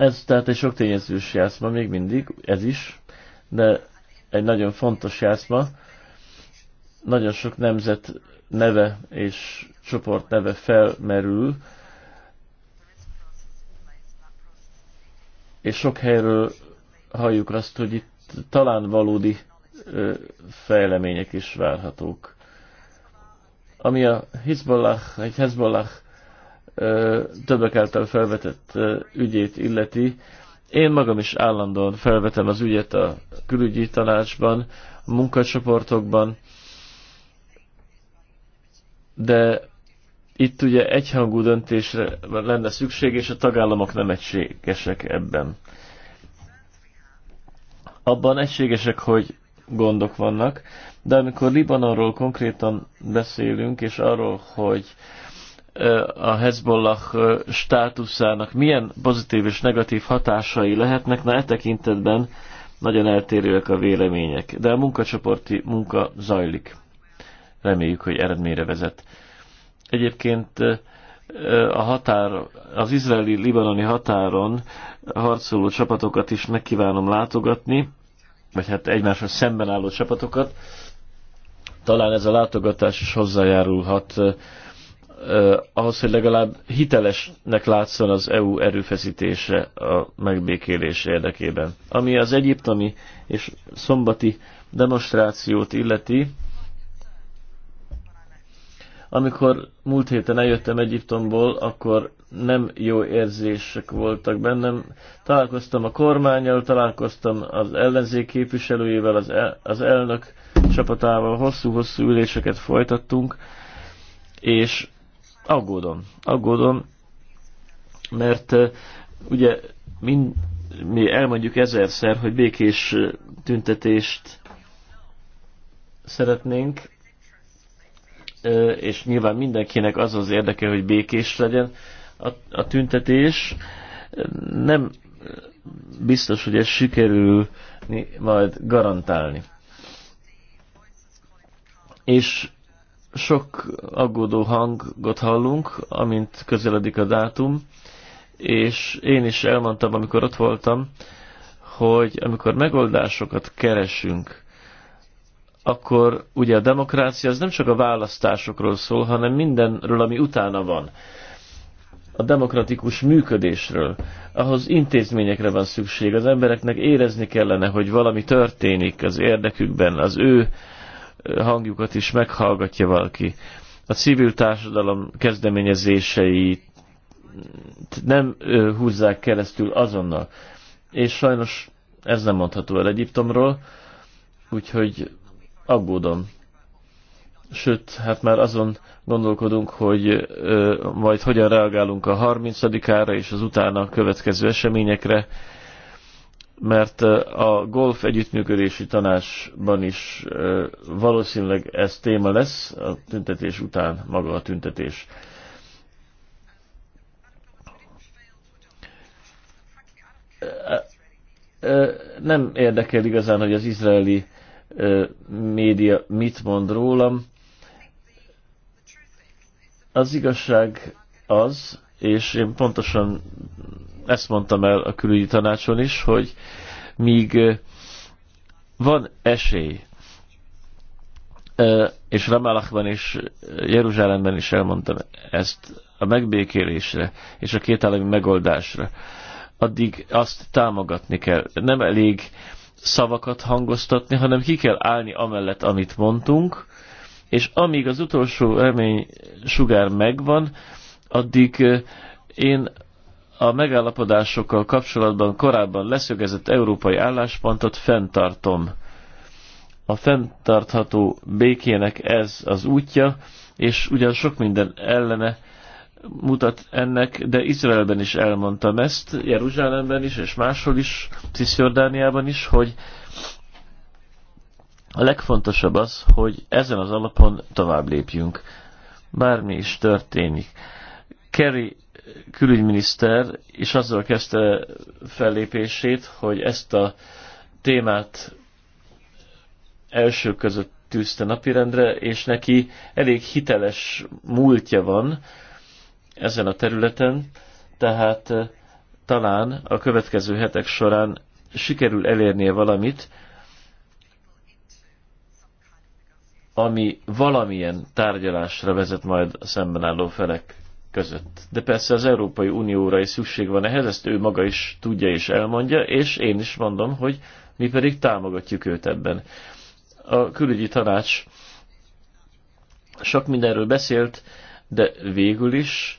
Ez tehát egy sok tényezős játszma még mindig, ez is, de egy nagyon fontos játszma. Nagyon sok nemzet neve és csoport neve felmerül, és sok helyről halljuk azt, hogy itt talán valódi fejlemények is várhatók. Ami a Hezbollah, egy Hezbollah többek által felvetett ügyét illeti. Én magam is állandóan felvetem az ügyet a külügyi tanácsban, a munkacsoportokban, de itt ugye egyhangú döntésre lenne szükség, és a tagállamok nem egységesek ebben. Abban egységesek, hogy gondok vannak, de amikor Libanonról konkrétan beszélünk, és arról, hogy a Hezbollah státuszának milyen pozitív és negatív hatásai lehetnek, na e tekintetben nagyon eltérőek a vélemények. De a munkacsoporti munka zajlik. Reméljük, hogy eredményre vezet. Egyébként a határ, az izraeli-libanoni határon harcoló csapatokat is megkívánom látogatni, vagy hát egymáshoz szemben álló csapatokat. Talán ez a látogatás is hozzájárulhat ahhoz, hogy legalább hitelesnek látszon az EU erőfeszítése a megbékélés érdekében. Ami az egyiptomi és szombati demonstrációt illeti, amikor múlt héten eljöttem Egyiptomból, akkor nem jó érzések voltak bennem. Találkoztam a kormányjal, találkoztam az ellenzék képviselőjével, az, el, az elnök csapatával, hosszú-hosszú üléseket folytattunk, és aggódom. Aggódom, mert ugye mind, mi elmondjuk ezerszer, hogy békés tüntetést szeretnénk, és nyilván mindenkinek az az érdeke, hogy békés legyen a, a tüntetés. Nem biztos, hogy ez sikerül majd garantálni. És sok aggódó hangot hallunk, amint közeledik a dátum, és én is elmondtam, amikor ott voltam, hogy amikor megoldásokat keresünk, akkor ugye a demokrácia az nem csak a választásokról szól, hanem mindenről, ami utána van. A demokratikus működésről. Ahhoz intézményekre van szükség. Az embereknek érezni kellene, hogy valami történik az érdekükben, az ő hangjukat is meghallgatja valaki. A civil társadalom kezdeményezései nem húzzák keresztül azonnal. És sajnos ez nem mondható el Egyiptomról, úgyhogy aggódom. Sőt, hát már azon gondolkodunk, hogy ö, majd hogyan reagálunk a 30-ára és az utána következő eseményekre mert a golf együttműködési tanácsban is valószínűleg ez téma lesz a tüntetés után, maga a tüntetés. Nem érdekel igazán, hogy az izraeli média mit mond rólam. Az igazság az, és én pontosan ezt mondtam el a külügyi tanácson is, hogy míg van esély, és Ramallahban és Jeruzsálemben is elmondtam ezt, a megbékélésre és a kétállami megoldásra, addig azt támogatni kell. Nem elég szavakat hangoztatni, hanem ki kell állni amellett, amit mondtunk, és amíg az utolsó remény sugár megvan, addig én a megállapodásokkal kapcsolatban korábban leszögezett európai álláspontot fenntartom. A fenntartható békének ez az útja, és ugyan sok minden ellene mutat ennek, de Izraelben is elmondtam ezt, Jeruzsálemben is, és máshol is, Cisjordániában is, hogy a legfontosabb az, hogy ezen az alapon tovább lépjünk. Bármi is történik. Kerry külügyminiszter, és azzal kezdte fellépését, hogy ezt a témát első között tűzte napirendre, és neki elég hiteles múltja van ezen a területen, tehát eh, talán a következő hetek során sikerül elérnie valamit, ami valamilyen tárgyalásra vezet majd a szemben álló felek között. De persze az Európai Unióra is szükség van ehhez, ezt ő maga is tudja és elmondja, és én is mondom, hogy mi pedig támogatjuk őt ebben. A külügyi tanács sok mindenről beszélt, de végül is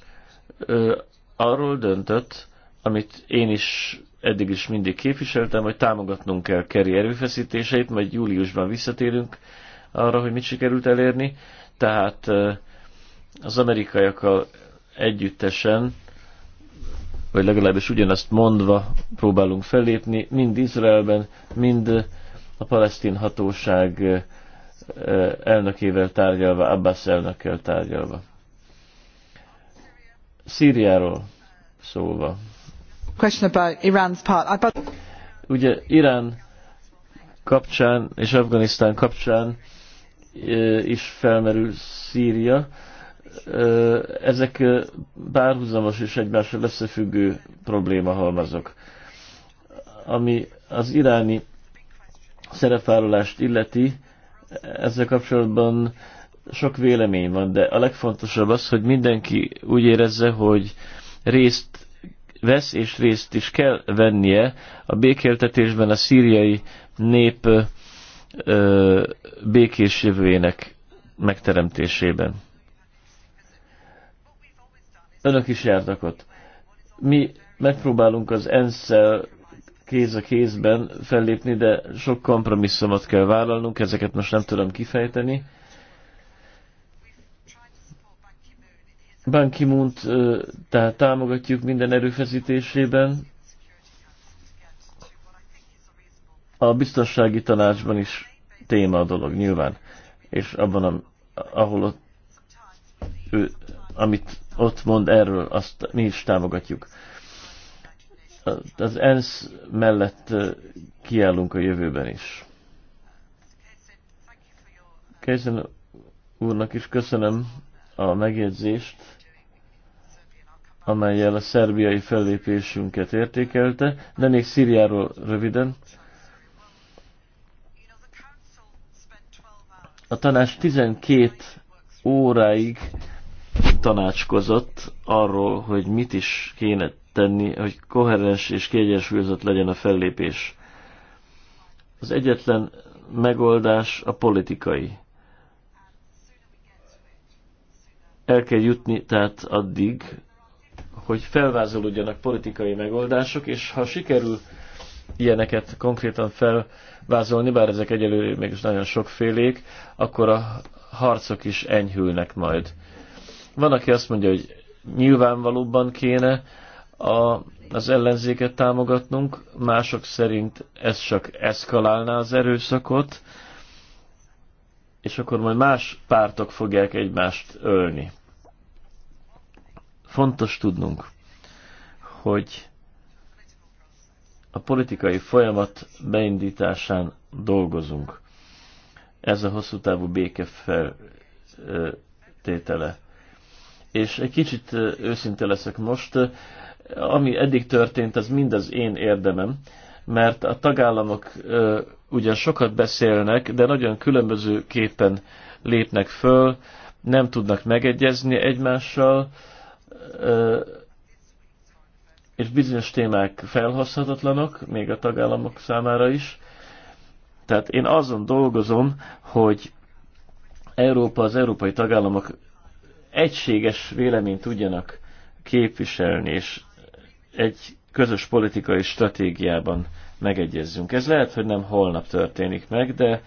ö, arról döntött, amit én is eddig is mindig képviseltem, hogy támogatnunk kell Kerry erőfeszítéseit, majd júliusban visszatérünk arra, hogy mit sikerült elérni. Tehát ö, az amerikaiakkal együttesen, vagy legalábbis ugyanazt mondva próbálunk fellépni, mind Izraelben, mind a palesztin hatóság eh, elnökével tárgyalva, Abbas elnökkel tárgyalva. Szíriáról szólva. Question about Iran's part. Ugye Irán kapcsán és Afganisztán kapcsán eh, is felmerül Szíria ezek párhuzamos és egymással összefüggő problémahalmazok. Ami az iráni szerepvállalást illeti, ezzel kapcsolatban sok vélemény van, de a legfontosabb az, hogy mindenki úgy érezze, hogy részt vesz és részt is kell vennie a békéltetésben a szíriai nép ö, békés jövőjének megteremtésében. Önök is jártak ott. Mi megpróbálunk az ensz kéz a kézben fellépni, de sok kompromisszumot kell vállalnunk, ezeket most nem tudom kifejteni. Ban ki tehát támogatjuk minden erőfeszítésében. A biztonsági tanácsban is téma a dolog nyilván, és abban, ahol ott, ő, amit ott mond erről, azt mi is támogatjuk. Az ENSZ mellett kiállunk a jövőben is. Kézen úrnak is köszönöm a megjegyzést, amelyel a szerbiai fellépésünket értékelte, de még Szíriáról röviden. A tanács 12 óráig tanácskozott arról, hogy mit is kéne tenni, hogy koherens és kiegyensúlyozott legyen a fellépés. Az egyetlen megoldás a politikai. El kell jutni tehát addig, hogy felvázolódjanak politikai megoldások, és ha sikerül ilyeneket konkrétan felvázolni, bár ezek egyelőre mégis nagyon sokfélék, akkor a harcok is enyhülnek majd. Van, aki azt mondja, hogy nyilvánvalóban kéne a, az ellenzéket támogatnunk, mások szerint ez csak eszkalálná az erőszakot, és akkor majd más pártok fogják egymást ölni. Fontos tudnunk, hogy a politikai folyamat beindításán dolgozunk. Ez a hosszú távú béke feltétele és egy kicsit őszinte leszek most, ami eddig történt, az mind az én érdemem, mert a tagállamok ugyan sokat beszélnek, de nagyon különböző képen lépnek föl, nem tudnak megegyezni egymással, és bizonyos témák felhasználhatatlanok, még a tagállamok számára is. Tehát én azon dolgozom, hogy Európa, az európai tagállamok egységes véleményt tudjanak képviselni, és egy közös politikai stratégiában megegyezzünk. Ez lehet, hogy nem holnap történik meg, de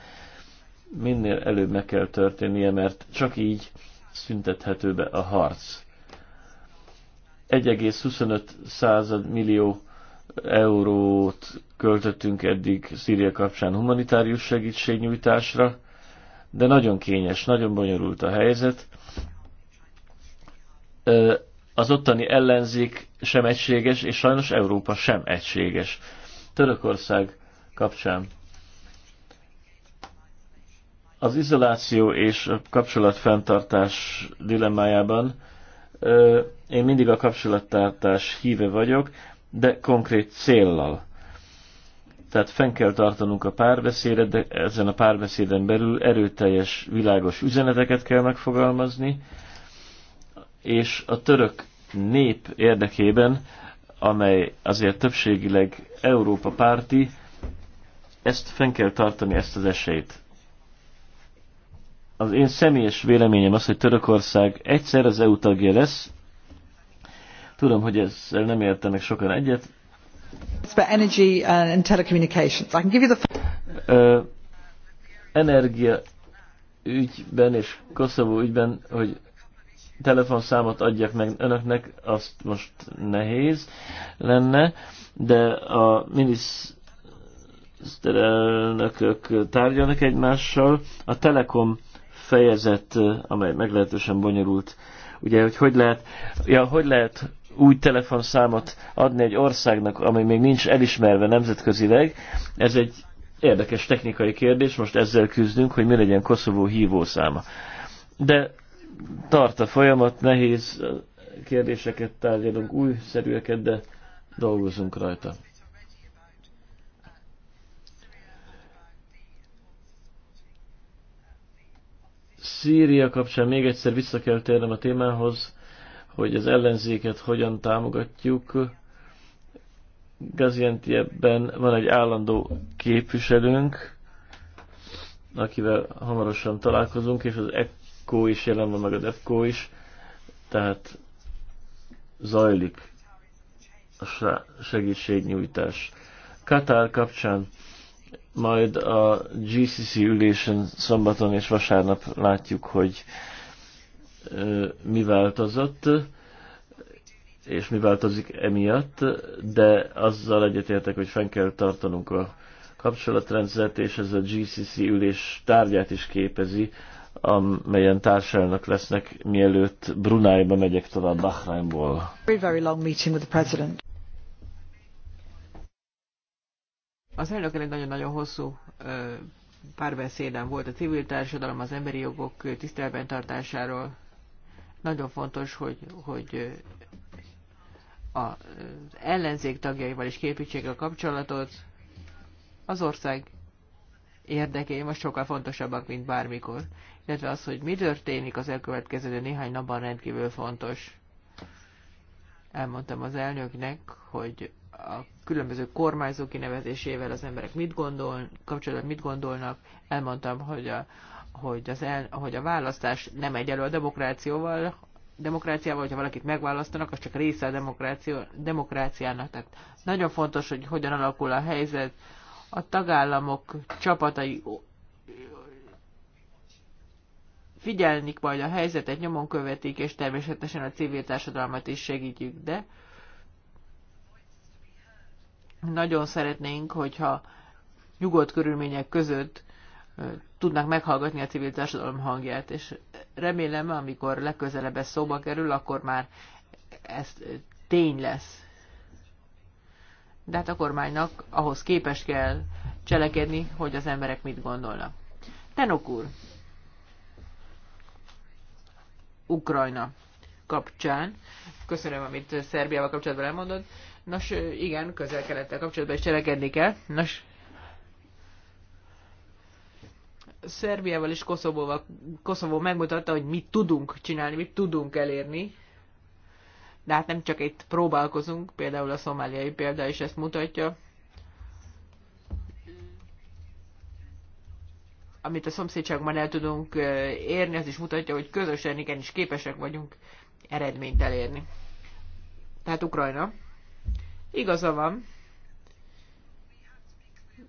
minél előbb meg kell történnie, mert csak így szüntethető be a harc. 1,25 század millió eurót költöttünk eddig Szíria kapcsán humanitárius segítségnyújtásra, de nagyon kényes, nagyon bonyolult a helyzet, az ottani ellenzék sem egységes, és sajnos Európa sem egységes. Törökország kapcsán az izoláció és a kapcsolatfenntartás dilemmájában én mindig a kapcsolattartás híve vagyok, de konkrét céllal. Tehát fenn kell tartanunk a párbeszédet, de ezen a párbeszéden belül erőteljes, világos üzeneteket kell megfogalmazni, és a török nép érdekében, amely azért többségileg Európa párti, ezt fenn kell tartani, ezt az esélyt. Az én személyes véleményem az, hogy Törökország egyszer az EU tagja lesz. Tudom, hogy ezzel nem értenek sokan egyet. Energy and telecommunications. I can give you the... Ö, energia ügyben és Koszovó ügyben, hogy telefonszámot adjak meg önöknek, azt most nehéz lenne, de a miniszterelnökök tárgyalnak egymással. A Telekom fejezet, amely meglehetősen bonyolult, ugye, hogy hogy lehet, ja, hogy lehet új telefonszámot adni egy országnak, ami még nincs elismerve nemzetközileg, ez egy érdekes technikai kérdés, most ezzel küzdünk, hogy mi legyen Koszovó hívószáma. De tart a folyamat, nehéz kérdéseket tárgyalunk, újszerűeket, de dolgozunk rajta. Szíria kapcsán még egyszer vissza kell térnem a témához, hogy az ellenzéket hogyan támogatjuk. Gaziantepben van egy állandó képviselőnk, akivel hamarosan találkozunk, és az Co is jelen van, meg a DEFCO is, tehát zajlik a segítségnyújtás. Katár kapcsán majd a GCC ülésen szombaton és vasárnap látjuk, hogy mi változott, és mi változik emiatt, de azzal egyetértek, hogy fenn kell tartanunk a kapcsolatrendszert, és ez a GCC ülés tárgyát is képezi amelyen társelnök lesznek, mielőtt Brunájba megyek tovább Bahrainból. Very, very long meeting with the president. Az elnök egy nagyon-nagyon hosszú párbeszéden volt a civil társadalom, az emberi jogok tisztelben tartásáról. Nagyon fontos, hogy, hogy az ellenzék tagjaival is képítsék a kapcsolatot. Az ország érdekei most sokkal fontosabbak, mint bármikor illetve az, hogy mi történik az elkövetkező néhány napban rendkívül fontos. Elmondtam az elnöknek, hogy a különböző kormányzó kinevezésével az emberek mit gondol, kapcsolatban mit gondolnak. Elmondtam, hogy a, hogy, az el, hogy a választás nem egyelő a demokrációval, demokráciával, hogyha valakit megválasztanak, az csak része a demokráció, demokráciának. Tehát nagyon fontos, hogy hogyan alakul a helyzet. A tagállamok csapatai figyelnik majd a helyzetet, nyomon követik, és természetesen a civil társadalmat is segítjük, de nagyon szeretnénk, hogyha nyugodt körülmények között tudnak meghallgatni a civil társadalom hangját, és remélem, amikor legközelebb ez szóba kerül, akkor már ez tény lesz. De hát a kormánynak ahhoz képes kell cselekedni, hogy az emberek mit gondolnak. Tenok úr, Ukrajna kapcsán. Köszönöm, amit Szerbiával kapcsolatban elmondod. Nos, igen, közel-kelettel kapcsolatban is cselekedni kell. Nos, Szerbiával és Koszovóval, Koszovó megmutatta, hogy mit tudunk csinálni, mit tudunk elérni. De hát nem csak itt próbálkozunk, például a szomáliai példa is ezt mutatja. amit a szomszédságban el tudunk érni, az is mutatja, hogy közösen igenis képesek vagyunk eredményt elérni. Tehát Ukrajna. Igaza van.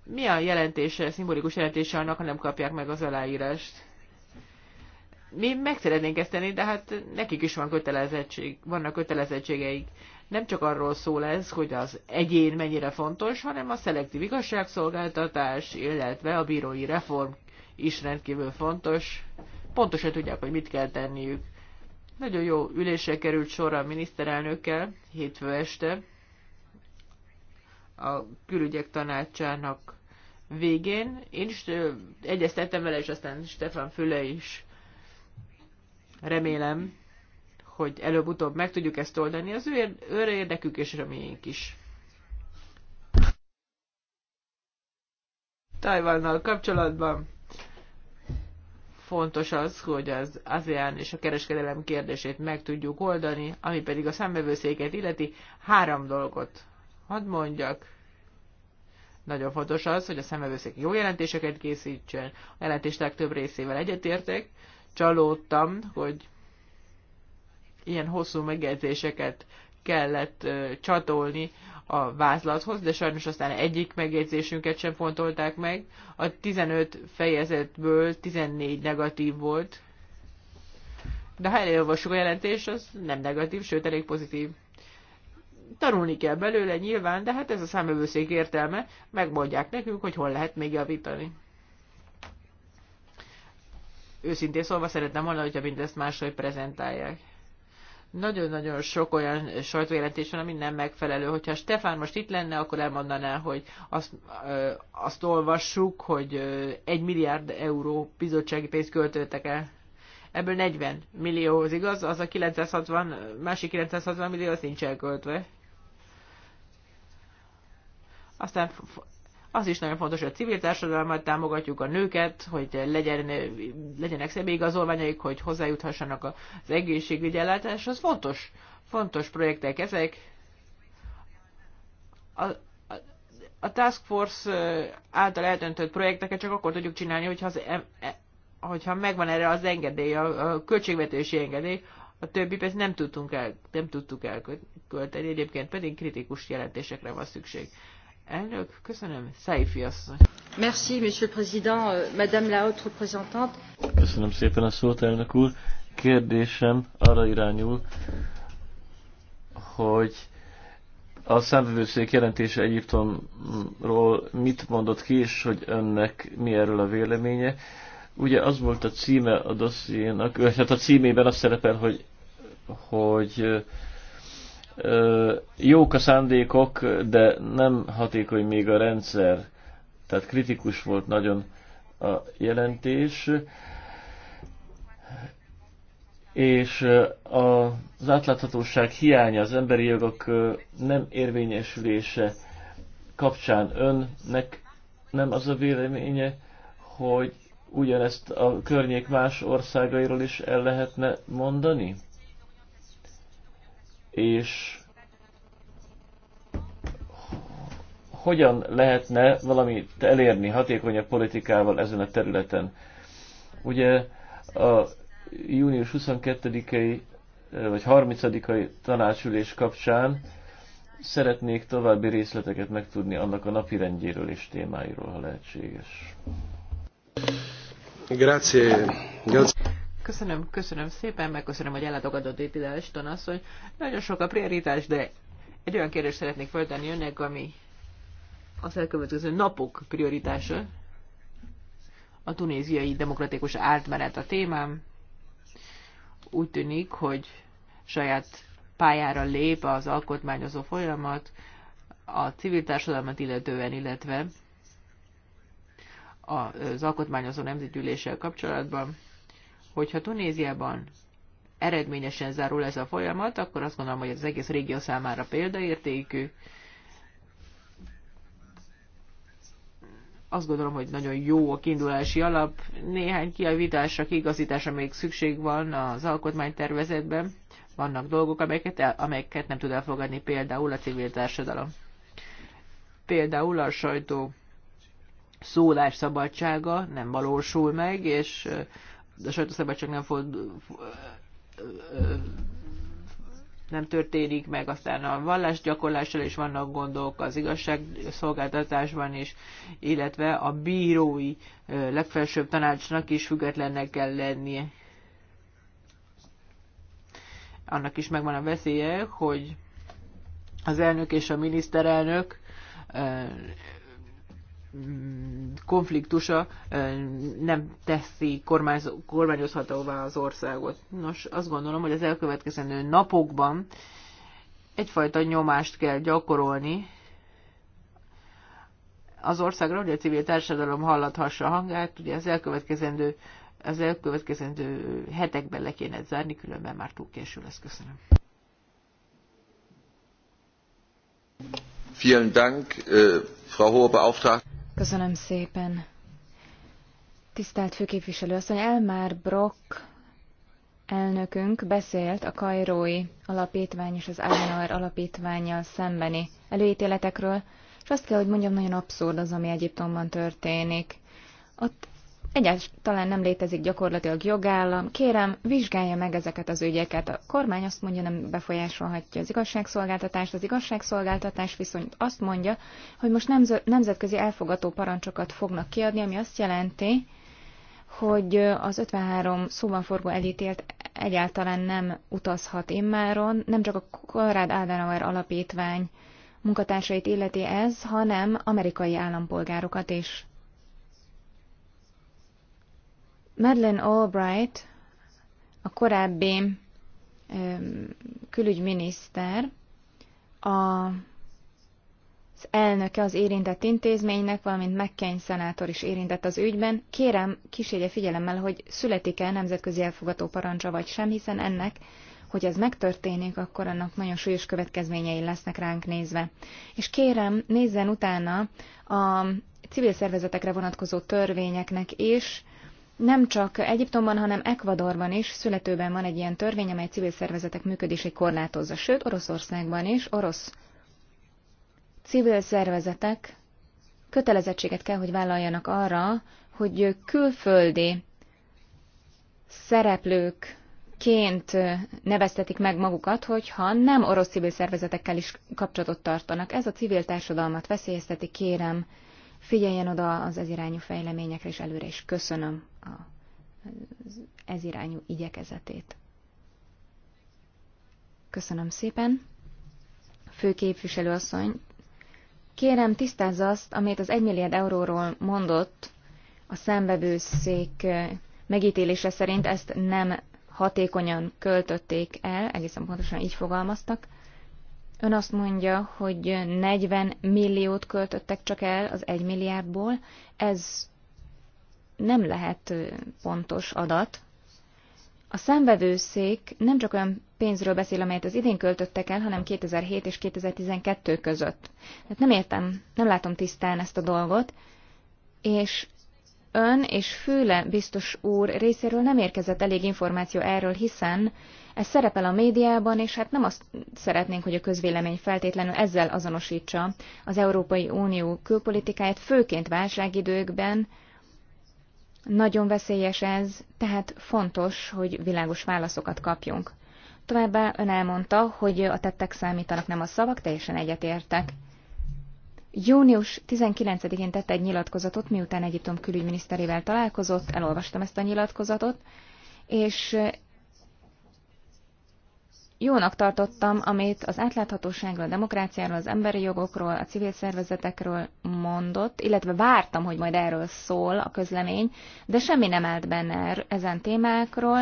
Mi a jelentése, szimbolikus jelentése annak, ha nem kapják meg az aláírást? Mi meg szeretnénk ezt tenni, de hát nekik is van kötelezettség, vannak kötelezettségeik. Nem csak arról szól ez, hogy az egyén mennyire fontos, hanem a szelektív igazságszolgáltatás, illetve a bírói reform is rendkívül fontos. Pontosan tudják, hogy mit kell tenniük. Nagyon jó ülésre került sor a miniszterelnökkel hétfő este a külügyek tanácsának végén. Én is ö, egyeztettem vele, és aztán Stefan Füle is. Remélem, hogy előbb-utóbb meg tudjuk ezt oldani. Az ő, érdekük és reményünk is. Tajvannal kapcsolatban fontos az, hogy az ASEAN és a kereskedelem kérdését meg tudjuk oldani, ami pedig a szembevőszéket illeti három dolgot. Hadd mondjak, nagyon fontos az, hogy a számbevőszék jó jelentéseket készítsen, a jelentéstek több részével egyetértek, csalódtam, hogy ilyen hosszú megjegyzéseket kellett ö, csatolni a vázlathoz, de sajnos aztán egyik megjegyzésünket sem fontolták meg. A 15 fejezetből 14 negatív volt, de ha elolvassuk a jelentés, az nem negatív, sőt elég pozitív. Tanulni kell belőle nyilván, de hát ez a számövőszék értelme, megmondják nekünk, hogy hol lehet még javítani. Őszintén szólva szeretném volna, hogyha mindezt máshogy prezentálják nagyon-nagyon sok olyan sajtójelentés van, ami nem megfelelő. Hogyha Stefán most itt lenne, akkor elmondaná, hogy azt, ö, azt olvassuk, hogy ö, egy milliárd euró bizottsági pénzt költöttek el. Ebből 40 millió, az igaz? Az a 960, másik 960 millió, az nincs elköltve. Aztán az is nagyon fontos, hogy a civil társadalmat támogatjuk, a nőket, hogy legyen, legyenek személyigazolványaik, hogy hozzájuthassanak az egészségügyi ellátáshoz. Fontos, fontos projektek ezek. A, a Task Force által eldöntött projekteket csak akkor tudjuk csinálni, hogyha, az, e, hogyha megvan erre az engedély, a költségvetési engedély, a többi pedig nem, tudtunk el, nem tudtuk elkölteni, egyébként pedig kritikus jelentésekre van szükség. Elnök, köszönöm. Szájfi asszony. Merci, monsieur le président, euh, madame la haute représentante. Köszönöm szépen a szót, elnök úr. Kérdésem arra irányul, hogy a számvevőszék jelentése Egyiptomról mit mondott ki, és hogy önnek mi erről a véleménye. Ugye az volt a címe a dossziénak, hát a címében az szerepel, hogy, hogy Jók a szándékok, de nem hatékony még a rendszer. Tehát kritikus volt nagyon a jelentés. És az átláthatóság hiánya, az emberi jogok nem érvényesülése kapcsán önnek nem az a véleménye, hogy ugyanezt a környék más országairól is el lehetne mondani? és hogyan lehetne valamit elérni hatékonyabb politikával ezen a területen. Ugye a június 22-i eh, vagy 30-ai tanácsülés kapcsán szeretnék további részleteket megtudni annak a napi rendjéről és témáiról, ha lehetséges. Grazie. Grazie. Köszönöm, köszönöm szépen, megköszönöm, hogy eladogadott itt ide Eston asszony. Nagyon sok a prioritás, de egy olyan kérdést szeretnék föltenni önnek, ami az elkövetkező napok prioritása. A tunéziai demokratikus átmenet a témám. Úgy tűnik, hogy saját pályára lép az alkotmányozó folyamat, a civil társadalmat illetően, illetve az alkotmányozó nemzetgyűléssel kapcsolatban. Hogyha Tunéziában eredményesen zárul ez a folyamat, akkor azt gondolom, hogy az egész régió számára példaértékű. Azt gondolom, hogy nagyon jó a kiindulási alap. Néhány kiavításra, kiigazításra még szükség van az alkotmánytervezetben. Vannak dolgok, amelyeket, el, amelyeket nem tud elfogadni, például a civil társadalom. Például a sajtó szólásszabadsága nem valósul meg, és de a sajtószabadság nem fog, nem történik meg, aztán a gyakorlással is vannak gondok, az igazságszolgáltatásban is, illetve a bírói legfelsőbb tanácsnak is függetlennek kell lennie. Annak is megvan a veszélye, hogy az elnök és a miniszterelnök Mm, konfliktusa nem teszi kormányozhatóvá az országot. Nos, azt gondolom, hogy az elkövetkezendő napokban egyfajta nyomást kell gyakorolni az országra, hogy a civil társadalom hallathassa a hangát, ugye az elkövetkezendő, az elkövetkezendő hetekben le kéne zárni, különben már túl késő lesz. Köszönöm. Vielen Dank, äh, Frau hohe Beauftragte. Köszönöm szépen. Tisztelt főképviselő asszony, Elmár Brock elnökünk beszélt a Kairói Alapítvány és az Adenauer Alapítványjal szembeni előítéletekről, és azt kell, hogy mondjam, nagyon abszurd az, ami Egyiptomban történik. Ott Egyáltalán nem létezik gyakorlatilag jogállam. Kérem, vizsgálja meg ezeket az ügyeket. A kormány azt mondja, nem befolyásolhatja az igazságszolgáltatást. Az igazságszolgáltatás viszont azt mondja, hogy most nemzetközi elfogató parancsokat fognak kiadni, ami azt jelenti, hogy az 53 szóban forgó elítélt egyáltalán nem utazhat immáron, nem csak a Konrad Adenauer alapítvány munkatársait illeti ez, hanem amerikai állampolgárokat is. Madeleine Albright, a korábbi külügyminiszter, a, az elnöke az érintett intézménynek, valamint McCain szenátor is érintett az ügyben. Kérem, kísérje figyelemmel, hogy születik-e nemzetközi elfogató parancsa vagy sem, hiszen ennek hogy ez megtörténik, akkor annak nagyon súlyos következményei lesznek ránk nézve. És kérem, nézzen utána a civil szervezetekre vonatkozó törvényeknek is, nem csak Egyiptomban, hanem Ekvadorban is születőben van egy ilyen törvény, amely civil szervezetek működését korlátozza. Sőt, Oroszországban is orosz civil szervezetek kötelezettséget kell, hogy vállaljanak arra, hogy külföldi szereplők ként neveztetik meg magukat, hogyha nem orosz civil szervezetekkel is kapcsolatot tartanak. Ez a civil társadalmat veszélyezteti, kérem, figyeljen oda az ez irányú fejleményekre, és előre is köszönöm ez irányú igyekezetét. Köszönöm szépen. Főképviselőasszony, kérem tisztázza azt, amit az 1 milliárd euróról mondott a számbevőszék megítélése szerint ezt nem hatékonyan költötték el, egészen pontosan így fogalmaztak. Ön azt mondja, hogy 40 milliót költöttek csak el az 1 milliárdból. Ez nem lehet pontos adat. A számvevőszék nem csak olyan pénzről beszél, amelyet az idén költöttek el, hanem 2007 és 2012 között. Hát nem értem, nem látom tisztán ezt a dolgot, és ön és főle biztos úr részéről nem érkezett elég információ erről, hiszen ez szerepel a médiában, és hát nem azt szeretnénk, hogy a közvélemény feltétlenül ezzel azonosítsa az Európai Unió külpolitikáját, főként válságidőkben, nagyon veszélyes ez, tehát fontos, hogy világos válaszokat kapjunk. Továbbá ön elmondta, hogy a tettek számítanak, nem a szavak, teljesen egyetértek. Június 19-én tette egy nyilatkozatot, miután Egyiptom külügyminiszterével találkozott, elolvastam ezt a nyilatkozatot, és Jónak tartottam, amit az átláthatóságról, a demokráciáról, az emberi jogokról, a civil szervezetekről mondott, illetve vártam, hogy majd erről szól a közlemény, de semmi nem állt benne er- ezen témákról.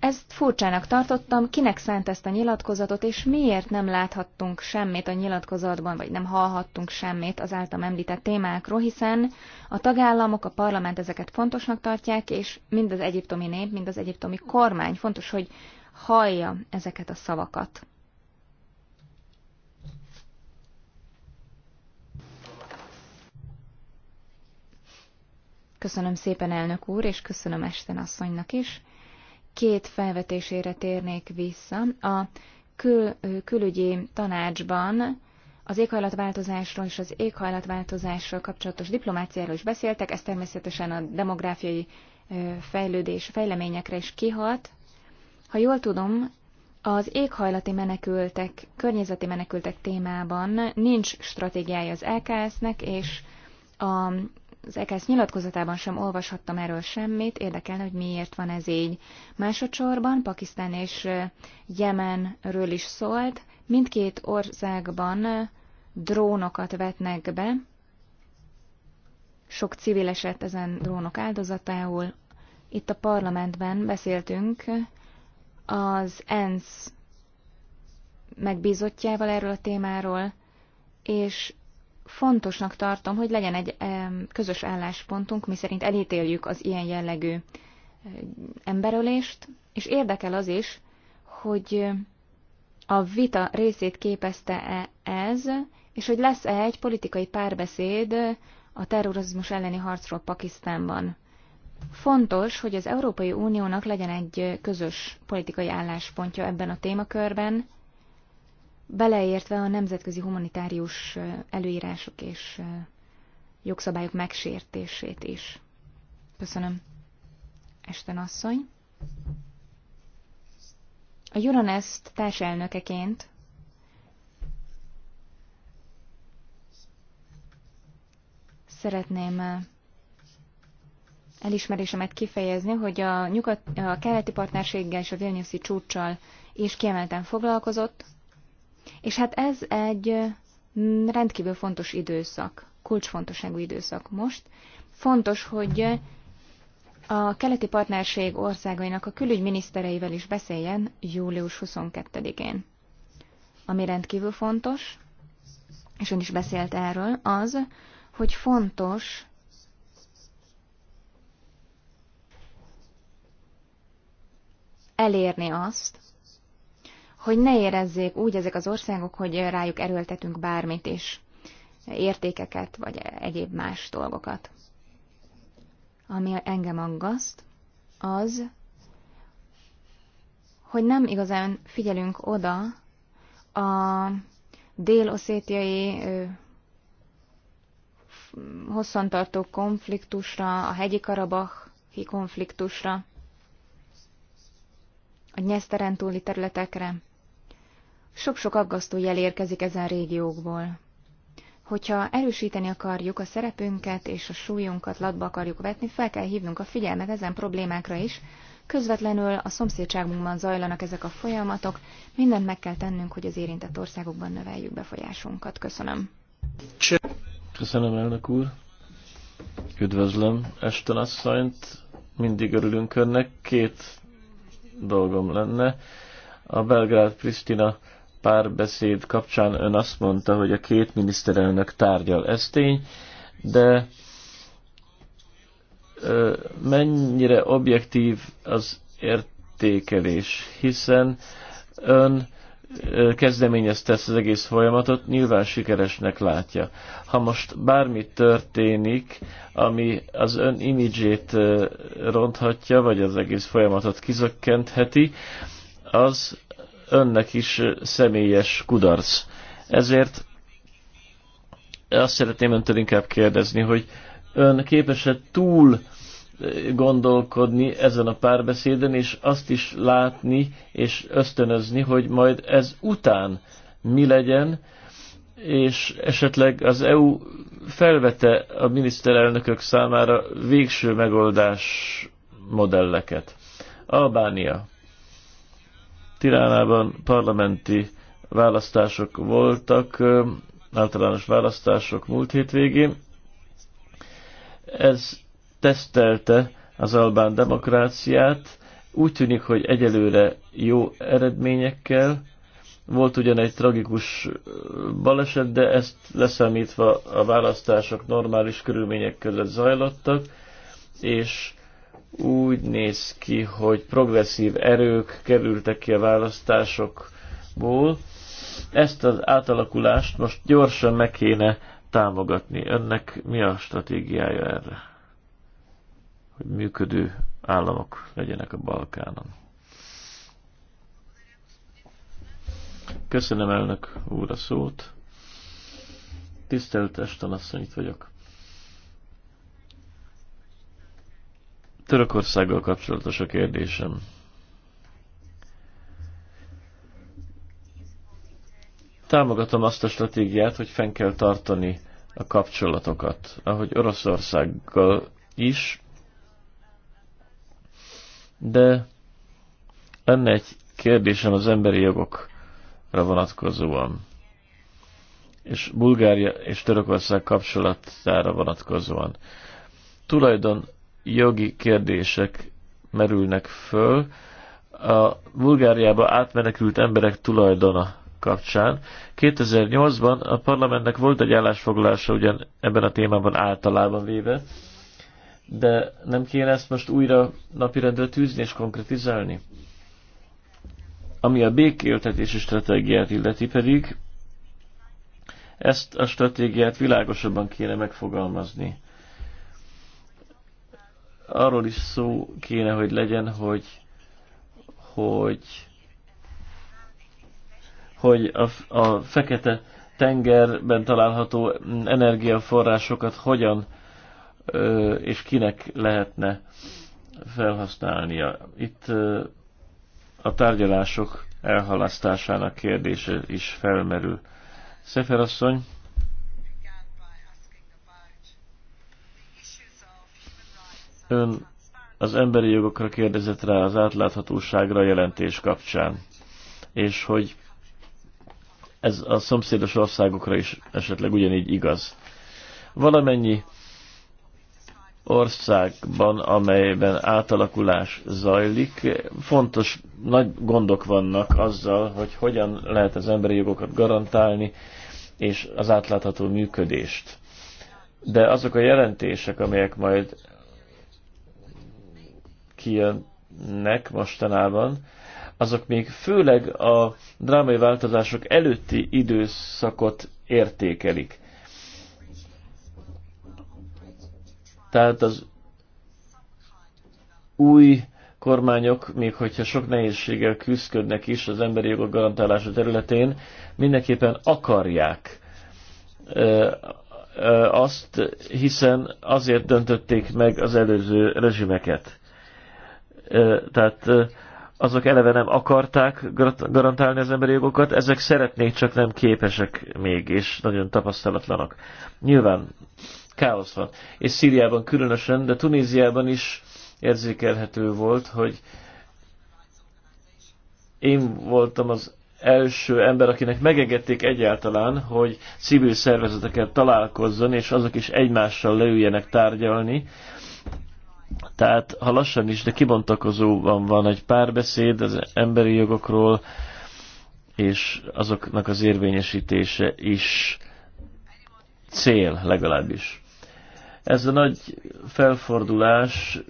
Ezt furcsának tartottam, kinek szánt ezt a nyilatkozatot, és miért nem láthattunk semmit a nyilatkozatban, vagy nem hallhattunk semmit az általam említett témákról, hiszen a tagállamok, a parlament ezeket fontosnak tartják, és mind az egyiptomi nép, mind az egyiptomi kormány fontos, hogy hallja ezeket a szavakat. Köszönöm szépen, elnök úr, és köszönöm Esten asszonynak is. Két felvetésére térnék vissza. A kül, külügyi tanácsban az éghajlatváltozásról és az éghajlatváltozással kapcsolatos diplomáciáról is beszéltek, ez természetesen a demográfiai fejlődés, fejleményekre is kihat, ha jól tudom, az éghajlati menekültek, környezeti menekültek témában nincs stratégiája az LKS-nek, és a, az EKSZ nyilatkozatában sem olvashattam erről semmit, érdekelne, hogy miért van ez így. Másodszorban Pakisztán és Jemenről is szólt, mindkét országban drónokat vetnek be, sok civil esett ezen drónok áldozatául. Itt a parlamentben beszéltünk az ENSZ megbízottjával erről a témáról, és fontosnak tartom, hogy legyen egy közös álláspontunk, miszerint elítéljük az ilyen jellegű emberölést, és érdekel az is, hogy a vita részét képezte-e ez, és hogy lesz-e egy politikai párbeszéd a terrorizmus elleni harcról Pakisztánban. Fontos, hogy az Európai Uniónak legyen egy közös politikai álláspontja ebben a témakörben, beleértve a nemzetközi humanitárius előírások és jogszabályok megsértését is. Köszönöm. Esten asszony. A Euronest társelnökeként szeretném elismerésemet kifejezni, hogy a, nyugat, a keleti partnerséggel és a Vilniuszi csúcssal is kiemelten foglalkozott, és hát ez egy rendkívül fontos időszak, kulcsfontosságú időszak most. Fontos, hogy a keleti partnerség országainak a külügyminisztereivel is beszéljen július 22-én. Ami rendkívül fontos, és ön is beszélt erről, az, hogy fontos elérni azt, hogy ne érezzék úgy ezek az országok, hogy rájuk erőltetünk bármit is, értékeket vagy egyéb más dolgokat. Ami engem aggaszt, az, hogy nem igazán figyelünk oda a dél-oszétiai hosszantartó konfliktusra, a hegyi karabahi konfliktusra, a nyeszteren túli területekre. Sok-sok aggasztó jel érkezik ezen régiókból. Hogyha erősíteni akarjuk a szerepünket és a súlyunkat latba akarjuk vetni, fel kell hívnunk a figyelmet ezen problémákra is. Közvetlenül a szomszédságunkban zajlanak ezek a folyamatok, mindent meg kell tennünk, hogy az érintett országokban növeljük befolyásunkat. Köszönöm. Köszönöm, elnök úr. Üdvözlöm Esten asszonyt. Mindig örülünk önnek. Két dolgom lenne. A Belgrád-Pristina párbeszéd kapcsán ön azt mondta, hogy a két miniszterelnök tárgyal. Ez tény, de mennyire objektív az értékelés, hiszen ön kezdeményezte ezt az egész folyamatot, nyilván sikeresnek látja. Ha most bármi történik, ami az ön imidzsét ronthatja, vagy az egész folyamatot kizökkentheti, az önnek is személyes kudarc. Ezért azt szeretném öntől inkább kérdezni, hogy ön képes-e túl gondolkodni ezen a párbeszéden, és azt is látni és ösztönözni, hogy majd ez után mi legyen, és esetleg az EU felvete a miniszterelnökök számára végső megoldás modelleket. Albánia. Tiránában parlamenti választások voltak, általános választások múlt hétvégén. Ez tesztelte az albán demokráciát. Úgy tűnik, hogy egyelőre jó eredményekkel. Volt ugyan egy tragikus baleset, de ezt leszámítva a választások normális körülmények között zajlottak, és úgy néz ki, hogy progresszív erők kerültek ki a választásokból. Ezt az átalakulást most gyorsan meg kéne támogatni. Önnek mi a stratégiája erre? hogy működő államok legyenek a Balkánon. Köszönöm elnök úr a szót. Tisztelt Estanasszony, itt vagyok. Törökországgal kapcsolatos a kérdésem. Támogatom azt a stratégiát, hogy fenn kell tartani a kapcsolatokat, ahogy Oroszországgal is, de lenne egy kérdésem az emberi jogokra vonatkozóan, és Bulgária és Törökország kapcsolatára vonatkozóan. Tulajdon jogi kérdések merülnek föl a Bulgáriába átmenekült emberek tulajdona kapcsán. 2008-ban a parlamentnek volt egy állásfoglalása ugyan ebben a témában általában véve, de nem kéne ezt most újra napirendre tűzni és konkretizálni? Ami a békéltetési stratégiát illeti pedig, ezt a stratégiát világosabban kéne megfogalmazni. Arról is szó kéne, hogy legyen, hogy, hogy, hogy a, a fekete tengerben található energiaforrásokat hogyan és kinek lehetne felhasználnia. Itt a tárgyalások elhalasztásának kérdése is felmerül. Szefer asszony, ön az emberi jogokra kérdezett rá az átláthatóságra a jelentés kapcsán, és hogy ez a szomszédos országokra is esetleg ugyanígy igaz. Valamennyi országban, amelyben átalakulás zajlik, fontos, nagy gondok vannak azzal, hogy hogyan lehet az emberi jogokat garantálni, és az átlátható működést. De azok a jelentések, amelyek majd kijönnek mostanában, azok még főleg a drámai változások előtti időszakot értékelik. Tehát az új kormányok, még hogyha sok nehézséggel küzdködnek is az emberi jogok garantálása területén, mindenképpen akarják azt, hiszen azért döntötték meg az előző rezsimeket. Tehát azok eleve nem akarták garantálni az emberi jogokat, ezek szeretnék, csak nem képesek még, és nagyon tapasztalatlanak. Nyilván káosz van. És Szíriában különösen, de Tunéziában is érzékelhető volt, hogy én voltam az első ember, akinek megegették egyáltalán, hogy civil szervezeteket találkozzon, és azok is egymással leüljenek tárgyalni. Tehát, ha lassan is, de kibontakozóban van egy párbeszéd az emberi jogokról, és azoknak az érvényesítése is cél legalábbis. Ez a nagy felfordulás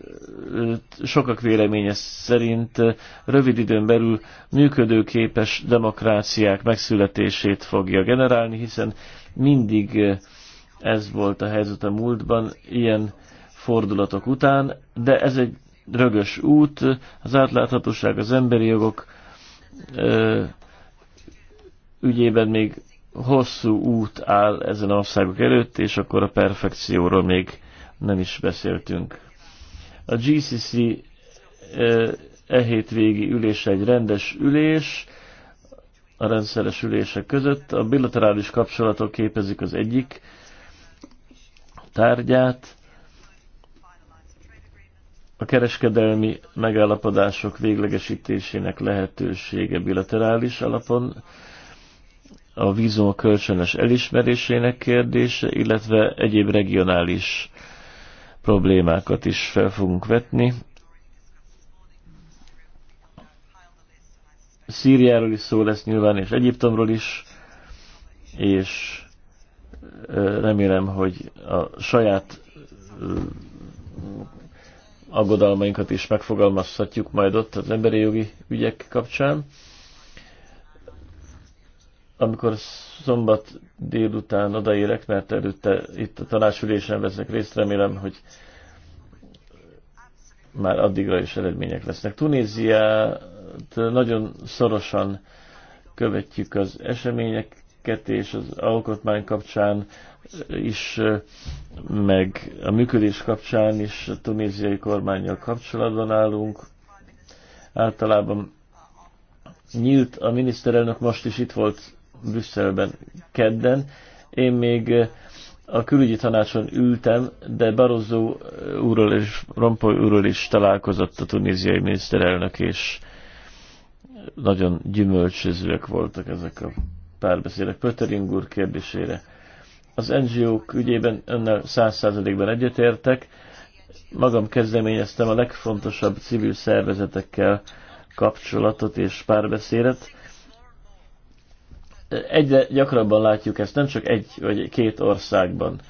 sokak véleménye szerint rövid időn belül működőképes demokráciák megszületését fogja generálni, hiszen mindig ez volt a helyzet a múltban, ilyen fordulatok után, de ez egy rögös út, az átláthatóság, az emberi jogok ügyében még hosszú út áll ezen országok előtt, és akkor a perfekcióról még nem is beszéltünk. A GCC e hétvégi ülés egy rendes ülés, a rendszeres ülések között. A bilaterális kapcsolatok képezik az egyik tárgyát. A kereskedelmi megállapodások véglegesítésének lehetősége bilaterális alapon a vízum kölcsönös elismerésének kérdése, illetve egyéb regionális problémákat is fel fogunk vetni. Szíriáról is szó lesz nyilván, és Egyiptomról is, és remélem, hogy a saját aggodalmainkat is megfogalmazhatjuk majd ott az emberi jogi ügyek kapcsán amikor szombat délután odaérek, mert előtte itt a tanácsülésen veszek részt, remélem, hogy már addigra is eredmények lesznek. Tunéziát nagyon szorosan követjük az eseményeket, és az alkotmány kapcsán is, meg a működés kapcsán is a tunéziai kormányjal kapcsolatban állunk. Általában nyílt, a miniszterelnök most is itt volt Brüsszelben kedden. Én még eh, a külügyi tanácson ültem, de Barozó úrral és Rompoy úrral is találkozott a tunéziai miniszterelnök, és nagyon gyümölcsözőek voltak ezek a párbeszédek. Pöttering úr kérdésére. Az NGO-k ügyében önnel száz százalékban egyetértek. Magam kezdeményeztem a legfontosabb civil szervezetekkel kapcsolatot és párbeszédet Egyre gyakrabban látjuk ezt, nem csak egy vagy két országban.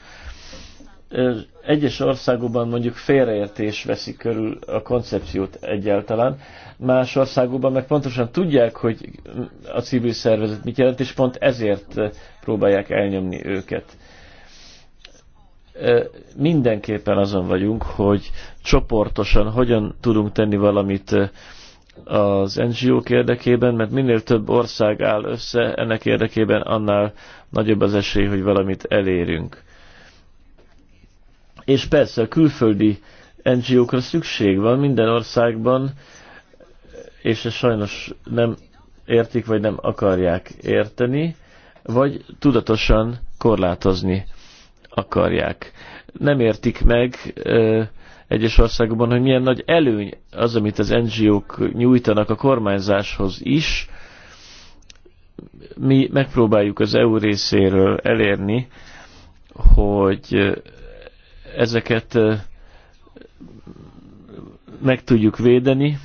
Egyes országokban mondjuk félreértés veszi körül a koncepciót egyáltalán, más országokban meg pontosan tudják, hogy a civil szervezet mit jelent, és pont ezért próbálják elnyomni őket mindenképpen azon vagyunk, hogy csoportosan hogyan tudunk tenni valamit az NGO-k érdekében, mert minél több ország áll össze ennek érdekében, annál nagyobb az esély, hogy valamit elérünk. És persze a külföldi NGO-kra szükség van minden országban, és ezt sajnos nem értik, vagy nem akarják érteni, vagy tudatosan korlátozni akarják. Nem értik meg, egyes országokban, hogy milyen nagy előny az, amit az NGO-k nyújtanak a kormányzáshoz is. Mi megpróbáljuk az EU részéről elérni, hogy ezeket meg tudjuk védeni.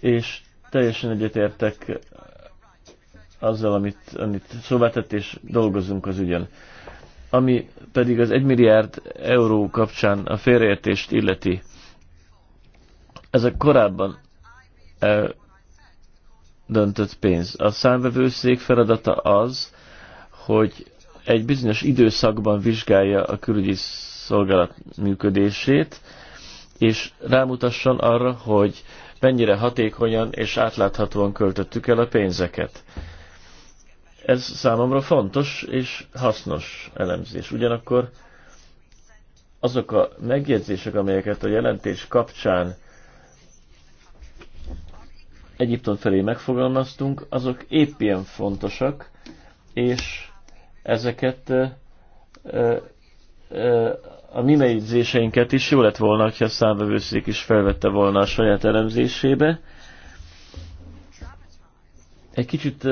és teljesen egyetértek azzal, amit, amit szóvá tett, és dolgozunk az ügyen. Ami pedig az 1 milliárd euró kapcsán a félreértést illeti, ezek korábban döntött pénz. A számvevőszék feladata az, hogy egy bizonyos időszakban vizsgálja a külügyi szolgálat működését, és rámutasson arra, hogy mennyire hatékonyan és átláthatóan költöttük el a pénzeket. Ez számomra fontos és hasznos elemzés. Ugyanakkor azok a megjegyzések, amelyeket a jelentés kapcsán Egyiptom felé megfogalmaztunk, azok épp ilyen fontosak, és ezeket a mi megjegyzéseinket is jó lett volna, ha a számvevőszék is felvette volna a saját elemzésébe. Egy kicsit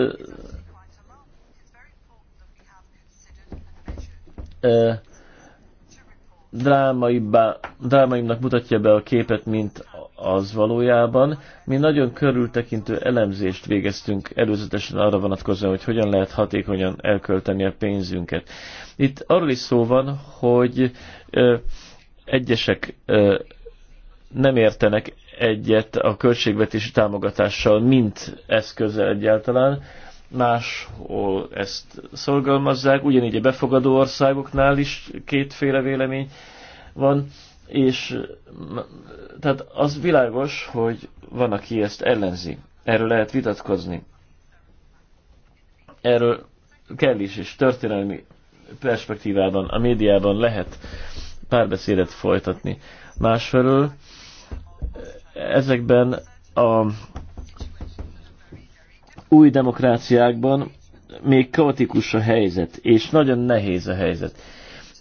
drámaimnak mutatja be a képet, mint az valójában. Mi nagyon körültekintő elemzést végeztünk előzetesen arra vonatkozóan, hogy hogyan lehet hatékonyan elkölteni a pénzünket. Itt arról is szó van, hogy ö, egyesek ö, nem értenek egyet a költségvetési támogatással, mint eszközzel egyáltalán máshol ezt szorgalmazzák, ugyanígy a befogadó országoknál is kétféle vélemény van, és tehát az világos, hogy van, aki ezt ellenzi. Erről lehet vitatkozni. Erről kell is, és történelmi perspektívában, a médiában lehet párbeszédet folytatni. Másfelől ezekben a új demokráciákban még kaotikus a helyzet, és nagyon nehéz a helyzet.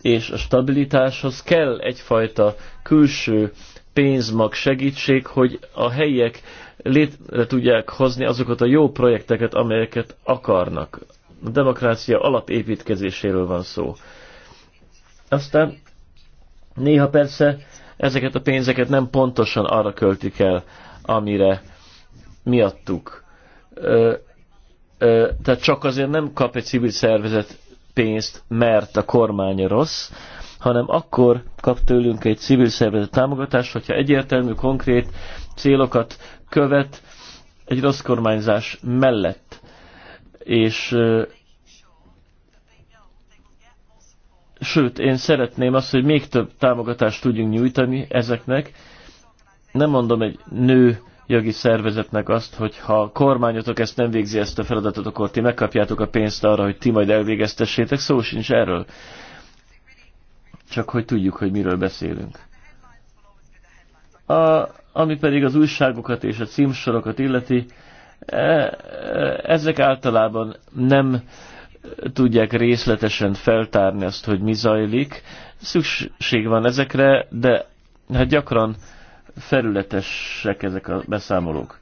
És a stabilitáshoz kell egyfajta külső pénzmag segítség, hogy a helyiek létre tudják hozni azokat a jó projekteket, amelyeket akarnak. A demokrácia alapépítkezéséről van szó. Aztán néha persze ezeket a pénzeket nem pontosan arra költik el, amire miattuk tehát csak azért nem kap egy civil szervezet pénzt, mert a kormány rossz, hanem akkor kap tőlünk egy civil szervezet támogatást, hogyha egyértelmű, konkrét célokat követ egy rossz kormányzás mellett. És sőt, én szeretném azt, hogy még több támogatást tudjunk nyújtani ezeknek. Nem mondom egy nő jogi szervezetnek azt, hogy ha kormányotok ezt nem végzi ezt a feladatot, akkor ti megkapjátok a pénzt arra, hogy ti majd elvégeztessétek. Szó sincs erről. Csak hogy tudjuk, hogy miről beszélünk. A, ami pedig az újságokat és a címsorokat illeti, e, ezek általában nem tudják részletesen feltárni azt, hogy mi zajlik. Szükség van ezekre, de hát gyakran uh, felületesek ezek a beszámolók.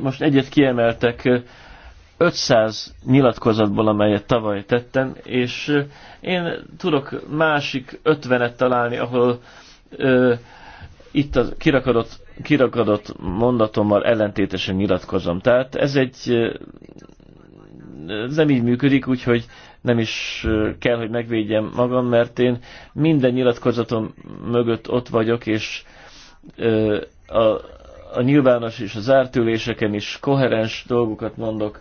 Most egyet kiemeltek 500 nyilatkozatból, amelyet tavaly tettem, és én tudok másik 50-et találni, ahol itt a kirakadott, kirakadott mondatommal ellentétesen nyilatkozom. Tehát ez egy ez nem így működik, úgyhogy nem is kell, hogy megvédjem magam, mert én minden nyilatkozatom mögött ott vagyok, és a, a nyilvános és a zárt üléseken is koherens dolgokat mondok.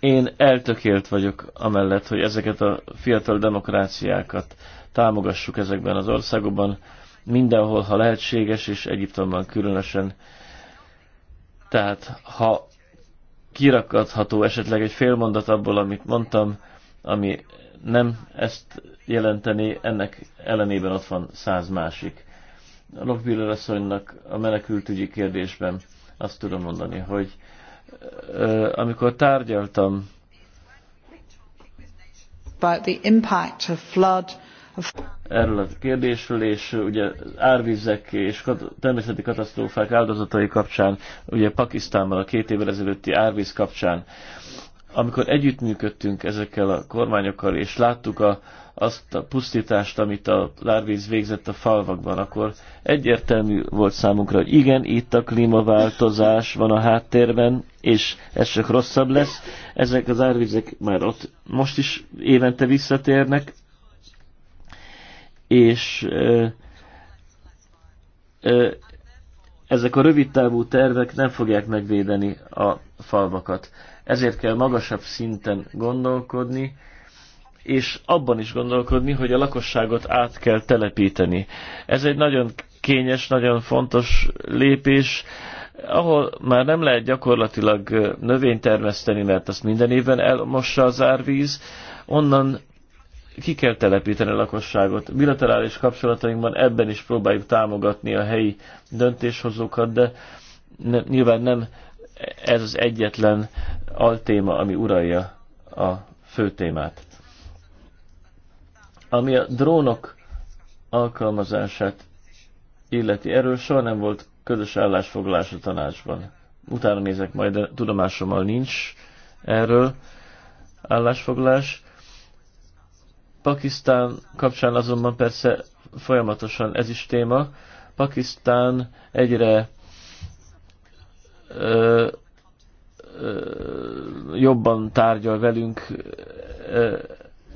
Én eltökélt vagyok amellett, hogy ezeket a fiatal demokráciákat támogassuk ezekben az országokban, mindenhol, ha lehetséges, és Egyiptomban különösen. Tehát, ha kirakadható esetleg egy fél mondat abból, amit mondtam, ami nem ezt jelenteni, ennek ellenében ott van száz másik. A Lockbiller asszonynak a menekültügyi kérdésben azt tudom mondani, hogy amikor tárgyaltam about the impact of flood erről a kérdésről, és ugye árvizek és természeti katasztrófák áldozatai kapcsán, ugye Pakisztánban a két évvel ezelőtti árvíz kapcsán, amikor együttműködtünk ezekkel a kormányokkal, és láttuk a, azt a pusztítást, amit a lárvíz végzett a falvakban, akkor egyértelmű volt számunkra, hogy igen, itt a klímaváltozás van a háttérben, és ez csak rosszabb lesz. Ezek az árvizek már ott most is évente visszatérnek, és ö, ö, ezek a rövidtávú tervek nem fogják megvédeni a falvakat. Ezért kell magasabb szinten gondolkodni, és abban is gondolkodni, hogy a lakosságot át kell telepíteni. Ez egy nagyon kényes, nagyon fontos lépés, ahol már nem lehet gyakorlatilag növényt termeszteni, mert azt minden évben elmossa az árvíz, onnan ki kell telepíteni a lakosságot. Bilaterális kapcsolatainkban ebben is próbáljuk támogatni a helyi döntéshozókat, de ne, nyilván nem ez az egyetlen altéma, ami uralja a fő témát. Ami a drónok alkalmazását illeti, erről soha nem volt közös állásfoglalás a tanácsban. Utána nézek majd, de tudomásommal nincs erről állásfoglalás Pakisztán kapcsán azonban persze folyamatosan ez is téma. Pakisztán egyre ö, ö, jobban tárgyal velünk, ö,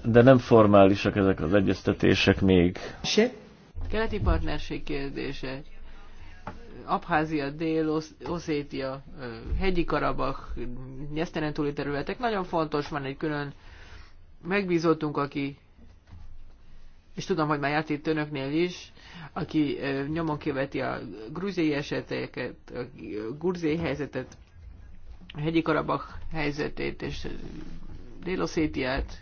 de nem formálisak ezek az egyeztetések még. Se. Keleti partnerség kérdése. Abházia, Dél-Oszétia, Hegyi Karabach, nyesztenen túli területek. Nagyon fontos, van egy külön megbízottunk, aki és tudom, hogy már járt itt önöknél is, aki nyomon követi a grúziai eseteket, a grúziai helyzetet, a hegyi Karabach helyzetét és Déloszétiát.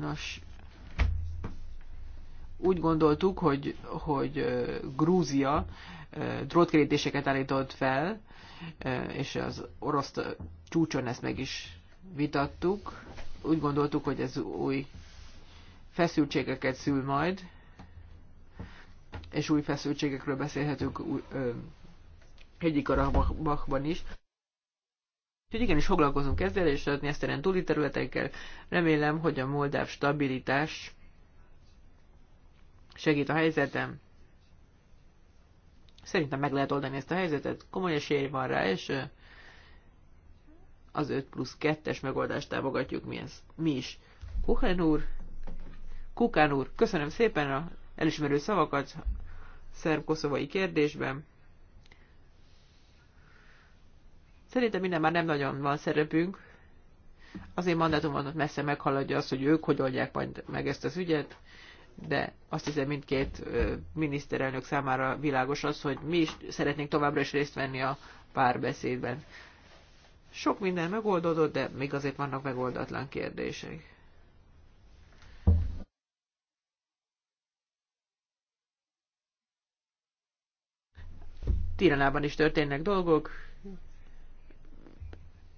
Nos, úgy gondoltuk, hogy, hogy Grúzia drótkerítéseket állított fel, és az orosz csúcson ezt meg is vitattuk úgy gondoltuk, hogy ez új feszültségeket szül majd, és új feszültségekről beszélhetünk egyik Karabachban is. Úgyhogy igenis foglalkozunk ezzel, és adni ezt túli területekkel. Remélem, hogy a moldáv stabilitás segít a helyzetem. Szerintem meg lehet oldani ezt a helyzetet, komoly esély van rá, és az 5 plusz 2-es megoldást támogatjuk mi, ez, mi is. Kuchen úr, Kukán úr, köszönöm szépen a elismerő szavakat szerb-koszovai kérdésben. Szerintem minden már nem nagyon van szerepünk. Az én mandátumomat messze meghaladja az, hogy ők hogy oldják majd meg ezt az ügyet, de azt hiszem mindkét miniszterelnök számára világos az, hogy mi is szeretnénk továbbra is részt venni a párbeszédben. Sok minden megoldódott, de még azért vannak megoldatlan kérdések. Tiranában is történnek dolgok.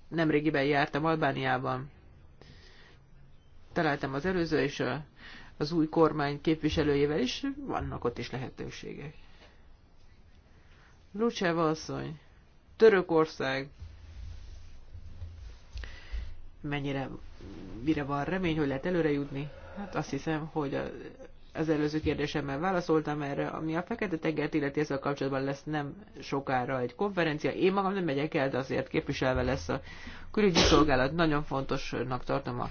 Nemrégiben jártam Albániában. Találtam az előző és a, az új kormány képviselőjével is. Vannak ott is lehetőségek. Lucsev asszony, Törökország, mennyire, mire van remény, hogy lehet előre jutni. Hát azt hiszem, hogy az előző kérdésemmel válaszoltam erre, ami a Fekete-tengert illeti ezzel kapcsolatban lesz nem sokára egy konferencia. Én magam nem megyek el, de azért képviselve lesz a külügyi szolgálat. Nagyon fontosnak tartom a,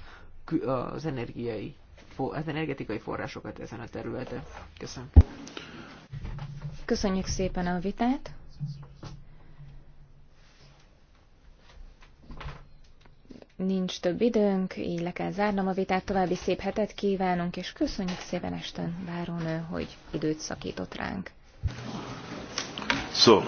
az energiai az energetikai forrásokat ezen a területen. Köszönöm. Köszönjük szépen a vitát. Nincs több időnk, így le kell zárnom a vitát, további szép hetet kívánunk, és köszönjük szépen Esten Várónő, hogy időt szakított ránk. So.